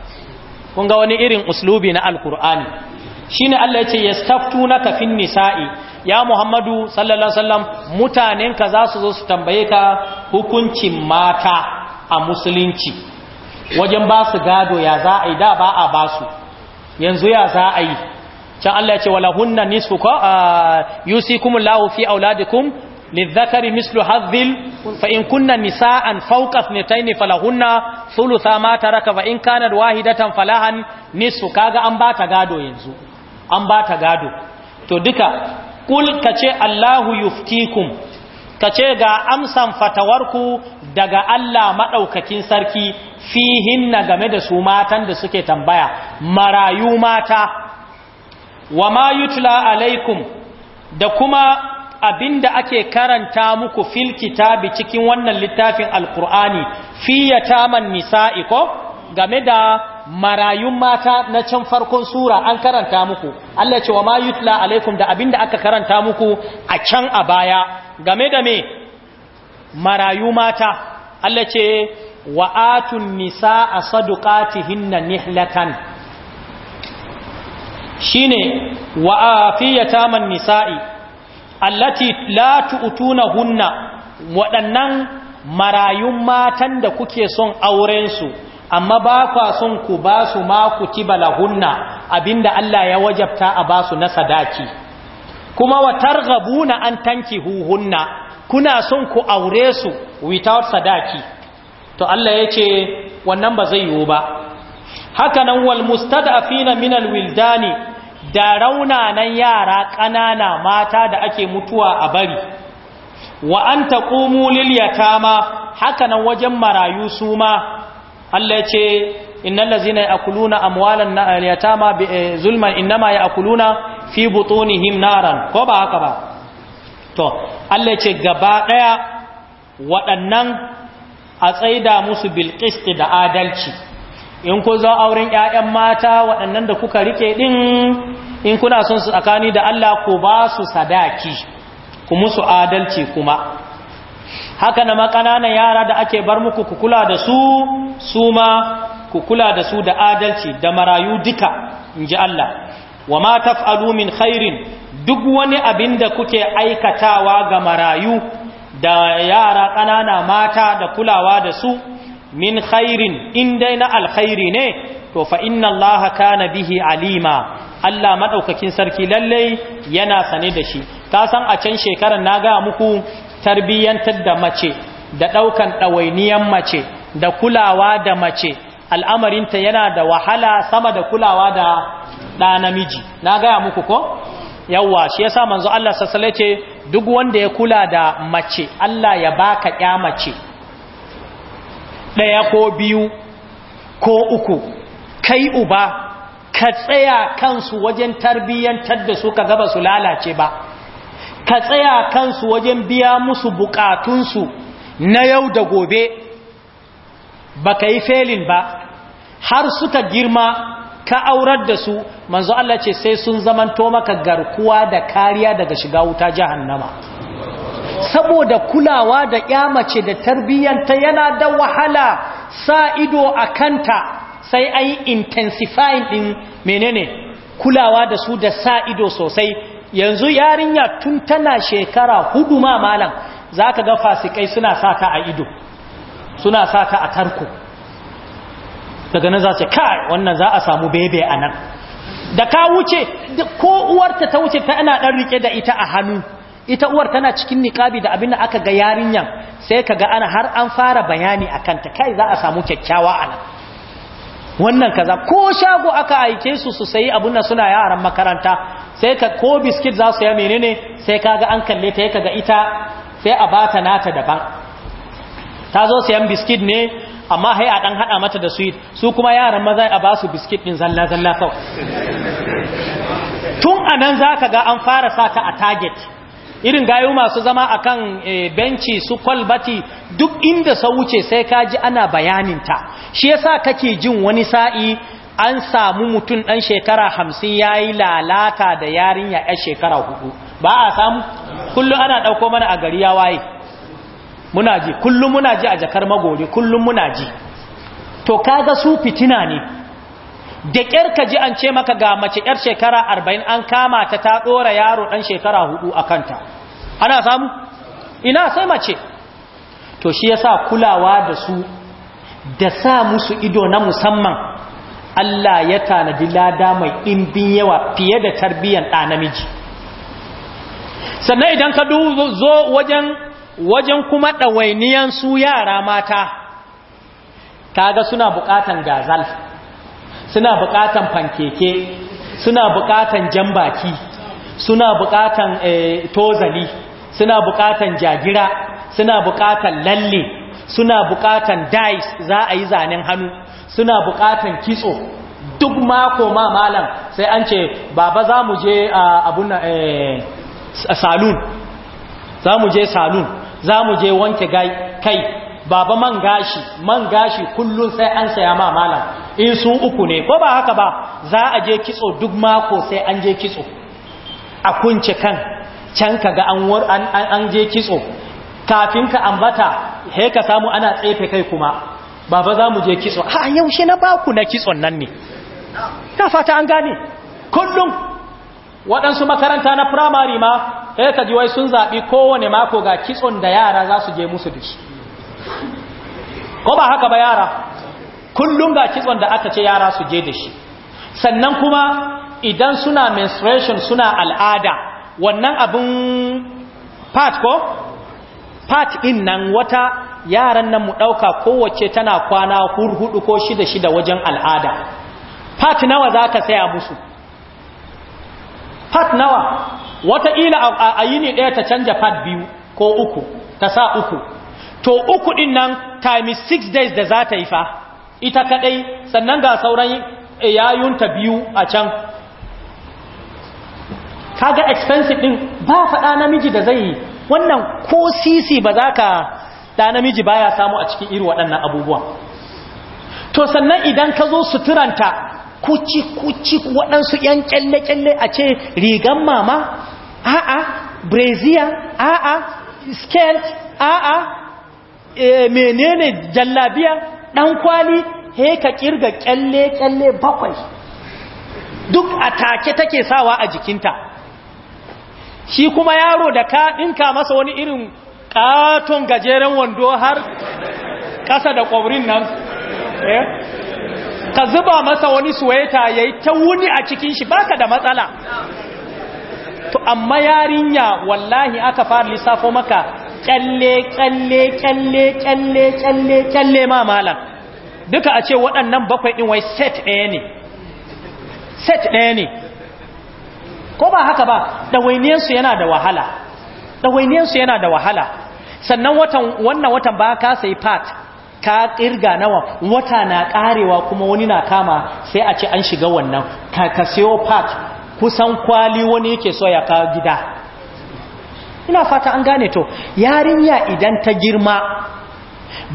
kun ga wani irin uslubi na alkur'ani shine Allah ya ce yastaftunaka fin nisa'i ya Muhammadu sallallahu alaihi wasallam mutanen za su zo su tambaye ka hukuncin mata a musulunci wajen ba su gado ya za a yi da ba a ba su yanzu ya za a yi can Allah ya ce walahunna nisfu ka yusikumullahu fi auladikum للذكر مثل حظ فإن كن نساء فوق اثنتين فلهن ثلث ما ترك وإن كانت واحدة فلها نصف كاغا أنبات غادو ينزو an ba ta gado to duka kul ka ce Allahu yuftikum ka ce ga amsan fatawarku daga Allah maɗaukakin sarki fihinna game da su matan da suke tambaya marayu mata wa ma yutla alaikum da kuma abinda ake karanta muku fil kitabi cikin wannan littafin alkur'ani fi yataman nisa'i ko game da marayun mata na can farkon sura an karanta muku Allah ce wa ma yutla alaikum da abinda aka karanta muku a can a baya game da me marayu mata Allah ce wa atun nisaa saduqatihinna nihlatan shine wa afiyata man nisa'i allati la tu'tunahunna waɗannan marayun matan da kuke son aurensu amma ba kwa son ku ba su ma tibala hunna abinda Allah ya wajabta a ba su na sadaki kuma wa targhabuna an tanki huhunna kuna son ku aure su without sadaki to Allah ya ce wannan ba zai yiwu ba haka nan wal mustad'afina Wilda wildani da raunanan yara ƙanana mata da ake mutuwa a bari wa an qumu lil yatama haka nan wajen marayu su ma Allah ya ce innal ladzina ya'kuluna amwalan eh, yatama bi eh, zulman inma ya'kuluna fi butunihim naran ko ba haka ba to Allah ya ce gaba daya waɗannan a tsaida musu bil da adalci in ku zo auren ƴaƴan mata waɗannan da kuka rike din in kuna son su tsakani da Allah ku ba su sadaki ku musu adalci kuma haka na makananan yara da ake bar muku ku kula da su su ma ku kula da su da adalci da marayu duka in ji Allah wa ma taf'alu min khairin duk wani abin da kuke aikatawa ga marayu da yara ƙanana mata da kulawa da su min khairin in dai na alkhairi ne to fa inna Allah kana bihi alima Allah madaukakin sarki lallai yana sane da shi ka san a can shekaran na ga muku tarbiyyantar da mace da ɗaukan ɗawainiyan mace da kulawa da mace al'amarinta yana da wahala sama da kulawa da ɗa namiji na gaya muku ko yawwa shi yasa manzo Allah sassale ce duk wanda ya kula da mace Allah ya baka ƴa mace ɗaya ko biyu ko uku kai uba ka tsaya kansu wajen tarbiyyantar da su ka gaba su lalace ba ka tsaya kansu wajen biya musu su na yau da gobe ba ka yi felin ba har suka girma ka aurar da su manzo Allah ce sai sun zamanto maka garkuwa da kariya daga shiga wuta jahannama saboda kulawa da ya mace da tarbiyyanta yana da wahala sa ido a kanta sai ai intensifying din menene kulawa da su da sa ido sosai yanzu yarinya tun tana shekara hudu ma malam za ka ga fasikai suna sa a ido suna sa a tarko daga nan za su kai wannan za a samu bebe a nan da ka wuce ko uwarta ta wuce ta ana ɗan rike da ita a hannu ita uwar tana cikin niƙabi da abin da aka ga yarinyan sai ka ga ana har an fara bayani a kanta kai za a samu kyakkyawa a nan wannan kaza ko shago aka aike su su sayi abun nan suna yaran makaranta sai ka ko biskit za su ya menene sai kaga an kalle ta kaga ita sai a bata nata daban ta zo sayan biskit ne amma hai a dan hada mata da sweet su kuma yaran maza a ba su biskit din zalla zalla kawai tun anan zaka ga an fara saka a target irin gayu masu zama a kan eh, benci su kwalbati duk inda sa wuce sai ka ji ana bayaninta shi yasa kake jin wani sa'i an samu mutum ɗan shekara hamsin ya yi lalata da yarinya ya shekara hudu ba a samu kullum ana ɗauko mana a gari ya waye muna ji kullum muna ji a jakar magori kullum muna ji to kaga su fitina ne da ƙyar ka ji an ce maka ga mace ƴar shekara arba'in an kama ta ta ɗora yaro ɗan shekara hudu a kanta ana samu ina sai mace to shi ya sa kulawa da su da sa musu ido na musamman Allah ya tanadi lada mai ɗimbin yawa fiye da tarbiyyar ɗa namiji sannan idan ka zo wajen kuma ɗawainiyan su yara mata ga suna buƙatan gazal suna bukatan fankeke suna buƙatan jambaki suna buƙatan eh, tozali suna bukatan jagira suna bukatan lalle suna buƙatan dice za a yi zanen hannu suna bukatan kitso duk mako ma malam sai an ce baba za mu je abun eh, salon za mu je salon za mu je wanke kai baba man gashi man gashi kullum sai an saya ma malam in su uku ne ko ba haka ba za a je kitso duk mako sai an je kitso a kunce kan can ka ga an je kitso kafin ka ambata he ka samu ana tsefe kai kuma baba za mu je kitso ha yaushe na baku na kitson nan ne ta fata an gane kullum waɗansu makaranta na firamare ma he ka ji wai sun zaɓi kowane mako ga kitson da yara za su je musu da shi ko ba haka ba yara kullum ga kitson da aka ce yara su je da shi sannan kuma idan suna menstruation suna al'ada wannan abin part ko part in nan wata yaran nan mu ɗauka kowace tana kwana hurhudu ko shida-shida wajen al'ada part nawa za ka saya musu part nawa wataƙila a yi ne ɗaya ta canja part biyu ko uku ta sa uku to uku din nan times 6 days da za ta yi fa ita kadai sannan ga sauran eh, yayunta biyu a can kaga expensive din ba faɗa namiji da zai wannan ko sisi ba za ka da namiji baya samu a cikin iri waɗannan abubuwa. to sannan idan ka zo suturanta kuci-kuci waɗansu ‘yan kyalle-kyalle a ce rigan mama a'a brazier a'a skirt a'a eh, menene jallabiya ɗan kwali he ka kirga ƙyalle ƙyalle bakwai duk a take take sawa a jikinta shi kuma yaro da ka ɗinka masa wani irin ƙaton gajeren wando har ƙasa da ƙwabrin nan eh, ka zuba masa wani suweta ya yi ta wuni a cikin shi baka da matsala to amma yarinya wallahi aka fara lissafo maka kyalle kyalle kyalle kyalle kyalle kyalle ma malam duka a ce waɗannan bakwai ɗin wai set ɗaya ne set ɗaya ne ko ba haka ba ɗawainiyarsu yana da wahala ɗawainiyarsu yana da wahala sannan wannan watan ba ka sai part ka ƙirga nawa wata na ƙarewa kuma wani na kama sai a ce an shiga wannan ka siyo part kusan kwali wani yake so ya kawo gida ina fata an gane to yarinya idan ta girma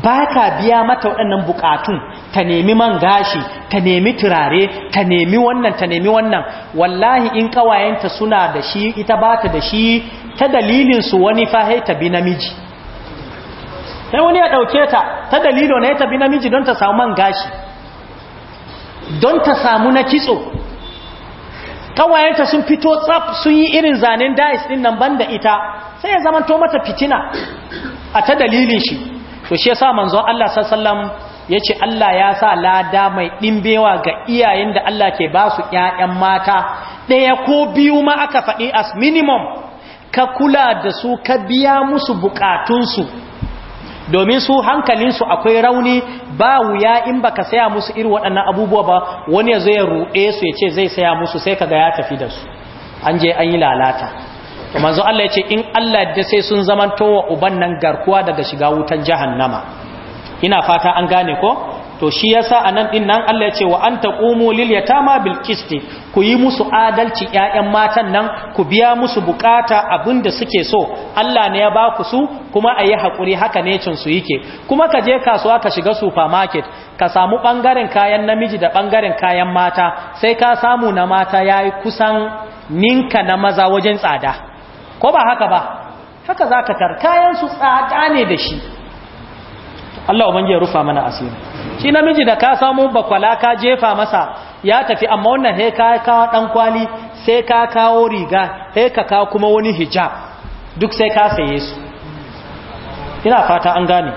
ba ka biya mata waɗannan bukatun ta nemi man gashi ta nemi turare ta nemi wannan ta nemi wannan wallahi in kawayenta suna da shi ita ba ta da shi ta dalilinsu wani fahe ta bi namiji sai wani ya ɗauke ta ta dalilo na ya ta bi namiji don ta samu man gashi don ta samu na kitso kawayenta sun fito tsaf sun yi irin zanen dais din nan banda ita sai ya to mata fitina a ta dalilin shi to shi yasa manzo Allah sallallahu alaihi yace Allah ya sa lada mai dimbewa ga iyayen da Allah ke ba su ƴaƴan mata ɗaya ko biyu ma aka faɗi as minimum ka kula da su ka biya musu bukatunsu domin su hankalinsu akwai rauni ba wuya in ba ka saya musu irin waɗannan abubuwa ba wani ya zo ya ruɗe su ya ce zai saya musu sai ka ga ya tafi da su an je an yi lalata manzo Allah ya ce in Allah da sai sun zamanto wa uban nan garkuwa daga shiga wutan jahannama ina fata an gane ko to shi yasa anan din nan Allah ya ce wa anta qumu lil yatama bil qisti ku yi musu adalci ƴaƴan matan nan ku biya musu bukata abinda suke so Allah ne ya ba ku su kuma ayi hakuri haka ne cin su yake kuma ka je kasuwa ka shiga supermarket ka samu bangaren kayan namiji da bangaren kayan mata sai ka samu na mata yayi kusan ninka na maza wajen tsada ko ba haka ba haka zaka tar kayan su tsada ne da shi Allah ubangiji ya rufa mana asiri shi namiji da ka samu bakwala ka jefa masa ya tafi amma wannan he ka kawo dan kwali sai ka kawo riga he ka kawo kuma wani hijab duk sai ka saye su ina fata an gane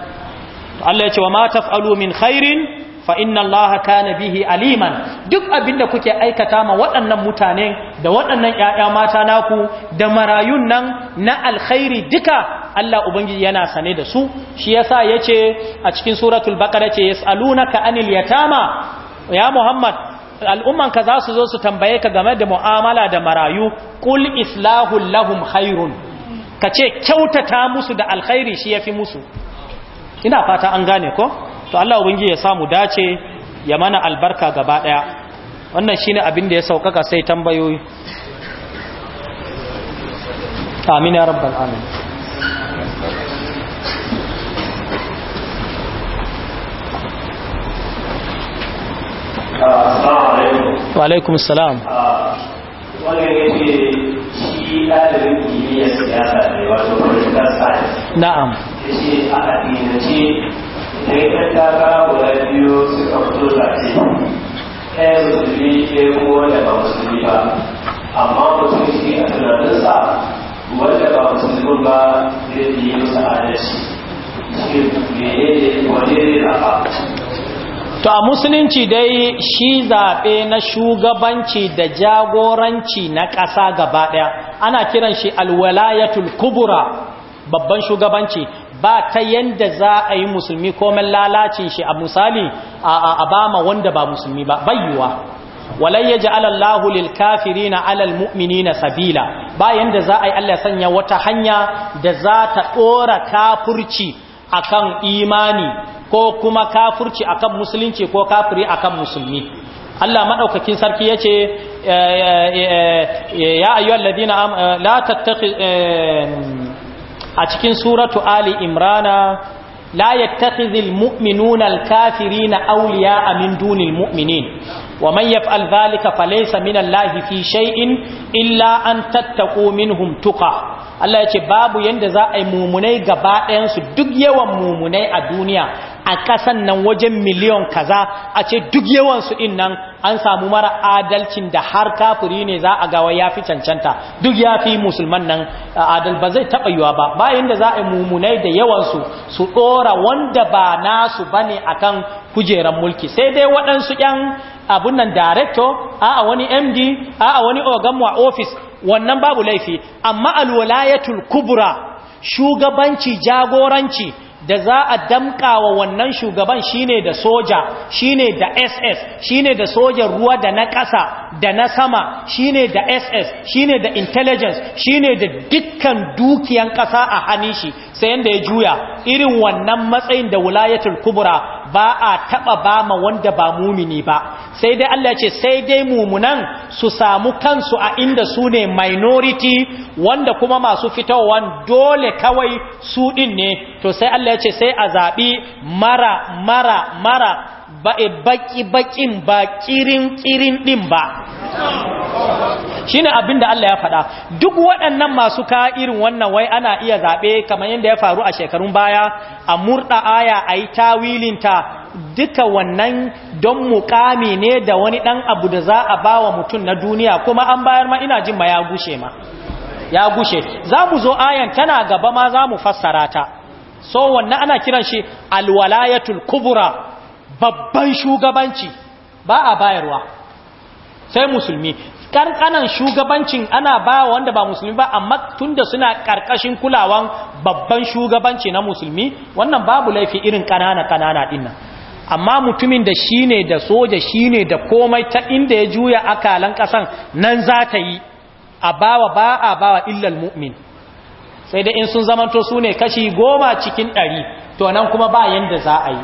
Allah ya ce wa ma taf'alu min khairin fa inna allaha kana bihi aliman duk abinda kuke aikata ma waɗannan mutane da waɗannan ƴaƴa mata naku da marayun nan na alkhairi duka Allah ubangiji yana sane da su shi yasa ce a cikin suratul baqara ce yasalunaka anil tama. ya muhammad al'ummanka za su zo su tambaye ka game da mu'amala da marayu ƙul islahun lahum khairun kace kyautata musu da alkhairi shi ya fi musu ina fata an gane ko to Allah ubangiji ya samu dace ya mana albarka gaba daya wannan shine abin da ya saukaka sai tambayoyi amin ya rabbal alamin wa alaikum salam ah, wannan yake shi ɗalibin kimiyyar siyasa ne wato political science na'am ya ce a ce. sai ɗan takara guda biyu suka da zaɓe ɗaya musulmi ke ko da ba musulmi ba amma musulmi a tunaninsa wanda ba musulmin ba zai yi musu adalci shi mene ne wani ne na ba To a musulunci dai shi zaɓe na shugabanci da jagoranci na ƙasa gaba ɗaya ana kiran shi alwalayatul kubura babban shugabanci ba ta yanda za a yi musulmi komen lalacin shi a misali a bama wanda ba musulmi ba bayyuwa walai ya ji alallahu lilkafiri na alal mu'mini na sabila ba yanda za a yi allah sanya wata hanya da za ta ɗora kafurci akan imani ko kuma kafurci akan musulunci ko kafiri akan musulmi Allah maɗaukakin sarki yace eh, eh, eh, ya ayyuhal ladina la a cikin suratu ali imrana la yattakhidhu almu'minuna alkafirina awliya'a min duni muminin wa man yaf'al dhalika falaysa minallahi fi shay'in illa an tattaqu minhum tuqa Allah ya ce babu yadda za a yi mumunai gaba ɗayansu duk yawan mumunai a duniya a ƙasan nan wajen miliyon kaza a ce duk yawansu in nan an samu mara adalcin da har kafuri ne za a gawa ya fi cancanta duk ya fi musulman nan adal ba zai taɓa yiwa ba bayan da za a yi mumunai da yawansu su ɗora wanda ba nasu ba ne a kan kujeran mulki sai dai waɗansu ‘yan abun nan director a wani md a wani ogan a office wannan babu laifi amma alwalayatul kubra shugabanci jagoranci da za a damka wa wannan shugaban shine da soja shine da ss shine da sojan ruwa da na kasa. da na sama shine da ss shine da intelligence shine da dukkan dukiyan kasa a hannun shi sai yadda ya juya irin wannan matsayin da wulayatul kubra ba a taɓa ba ma wanda ba mumini ba sai dai Allah ce sai dai mumunan su samu kansu a inda su ne minority wanda kuma masu fitowan dole kawai su ɗin ne to sai Allah ce sai a zaɓi mara mara mara baki-bakin ba kirin-kirin ɗin ba shi ne abin da Allah ya faɗa duk waɗannan masu ka irin wannan wai ana iya zaɓe kamar yadda ya faru a shekarun baya a murɗa aya a yi tawilinta duka wannan don mukami ne da wani ɗan abu da za a ba wa mutum na duniya kuma an bayar ma ina jin ma ya gushe ma ya gushe za mu zo ayan tana gaba ma za mu fassara ta so wannan ana kiran shi alwalayatul kubura babban shugabanci ba a bayarwa sai musulmi ƙanƙanan shugabancin ana ba wanda ba musulmi ba amma tunda suna ƙarƙashin kulawan babban shugabanci na musulmi wannan babu laifi irin ƙanana kanana din amma mutumin da shi ne da soja shi ne da komai ta inda ya juya akalan kasan nan za ta yi a bawa ba a bawa illal mu'min sai da in sun zamanto su ne kashi goma cikin ɗari to nan kuma ba yanda za a yi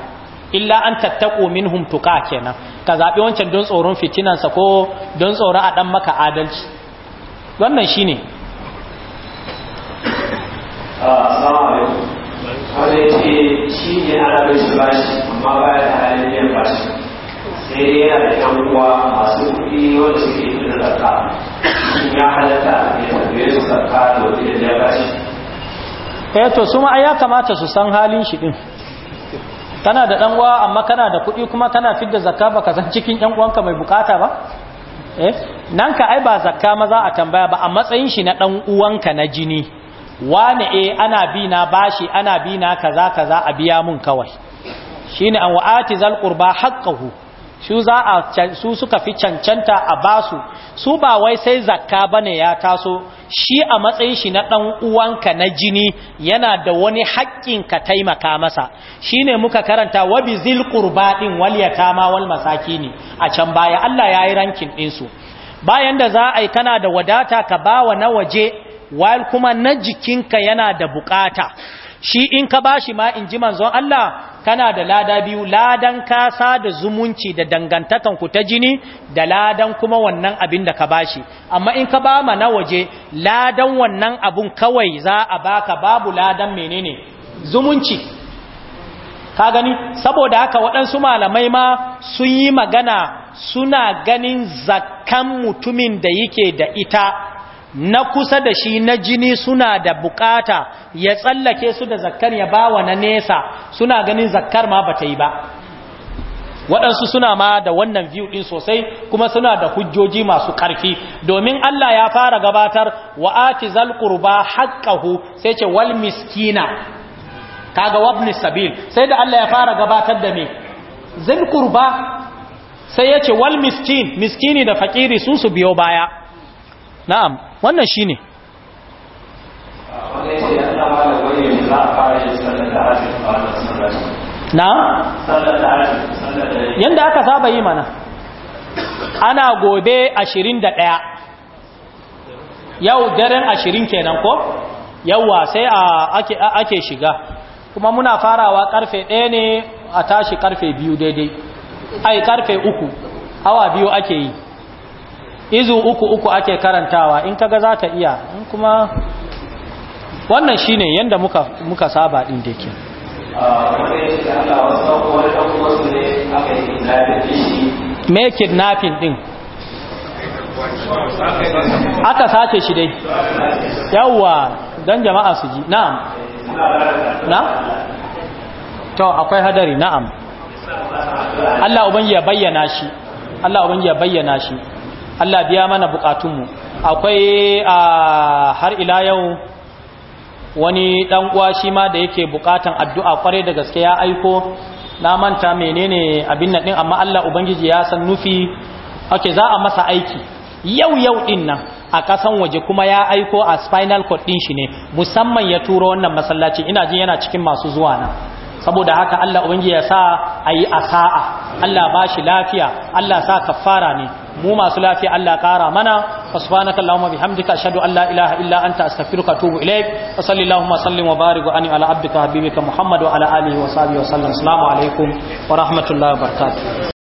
illa an tattaku minhum tuqa kenan ka zaɓi wancan don tsoron fitinansa ko don tsoron a ɗan maka adalci wannan shi ne. A ah, assalamu alaikum wanda ce shi ne ana shi bashi amma ba ya ta halin ba shi, sai dai yana da ɗan uwa masu kuɗi wanda suke yi da zakka ya halatta ne da bai su zakka da wajen da ya bashi eh to su ma ya kamata su san halin shi ɗin. kana da ɗan uwa amma kana da kuɗi kuma kana fidda zakka ba ka san cikin yan uwanka mai bukata ba eh nan ka ai ba zakka maza a tambaya ba a matsayin shi na ɗan uwanka na jini wani e eh, ana bi na bashi ana bi na kaza kaza a biya mun kawai shine an wa'ati zal qurba haqqahu su za a su suka fi cancanta a basu su ba wai sai zakka bane ya taso shi a matsayin shi na dan uwanka na jini yana da wani haƙƙin ka taimaka masa shine muka karanta wa zil qurbadin wal yatama wal masakini a can baya Allah yayi rankin din su bayan da za a yi kana da wadata ka bawa na waje wal kuma na jikinka yana da buƙata. shi in ka ba shi ma in ji manzon Allah kana da lada biyu ladan kasa da zumunci da dangantakan ku ta jini da ladan kuma wannan abin da ka ba shi amma in ka ba ma na waje ladan wannan abun kawai za a baka babu ladan menene zumunci ka gani saboda haka waɗansu malamai ma sun yi magana suna ganin zakkan mutumin da yake da ita na kusa da shi na jini suna da bukata ya tsallake su da zakkar ya ba wa na nesa suna ganin zakkar ma ba ta yi ba waɗansu suna ma da wannan view ɗin sosai kuma suna da hujjoji masu ƙarfi domin Allah ya fara gabatar wa ati zal qurba sai ce wal miskina kaga wabni sabil sai da Allah ya fara gabatar da me zal sai ya ce wal miskin miskini da fakiri su su biyo baya na'am wannan shi ne na? yadda aka saba yi mana ana gobe ashirin da ɗaya yau daren ashirin kenan ko yawwa sai ake shiga kuma muna farawa karfe ɗaya ne a tashi karfe biyu daidai ai karfe uku awa biyu ake yi izu uku uku ake karantawa in kaga za ta iya in kuma wannan shi ne muka muka saba din da ke ah, me kidnapping din aka sace shi dai yawwa don jama'a su ji na'am na to akwai hadari na'am Allah ubangi ya bayyana shi Allah ubangi ya bayyana shi Allah biya mana bukatunmu akwai a har ila yau wani dan uwa shi ma da yake bukatan addu'a kware da gaske ya aiko na manta menene abin nan din amma Allah ubangiji ya san nufi ake za a masa aiki yau yau din nan a kasan waje kuma ya aiko a spinal cord din shi ne musamman ya turo wannan masallaci ina jin yana cikin masu zuwa nan saboda haka Allah ubangiji ya sa ayi asa'a Allah bashi lafiya Allah sa kafara ne mu masu lafiya Allah kara mana fa subhanaka allahumma bihamdika ashhadu an la ilaha illa anta astaghfiruka wa atubu ilaik wa sallallahu wa sallim wa barik wa ala abdika habibika muhammad wa ala alihi wa sahbihi wa sallam assalamu alaikum wa rahmatullahi wa barakatuh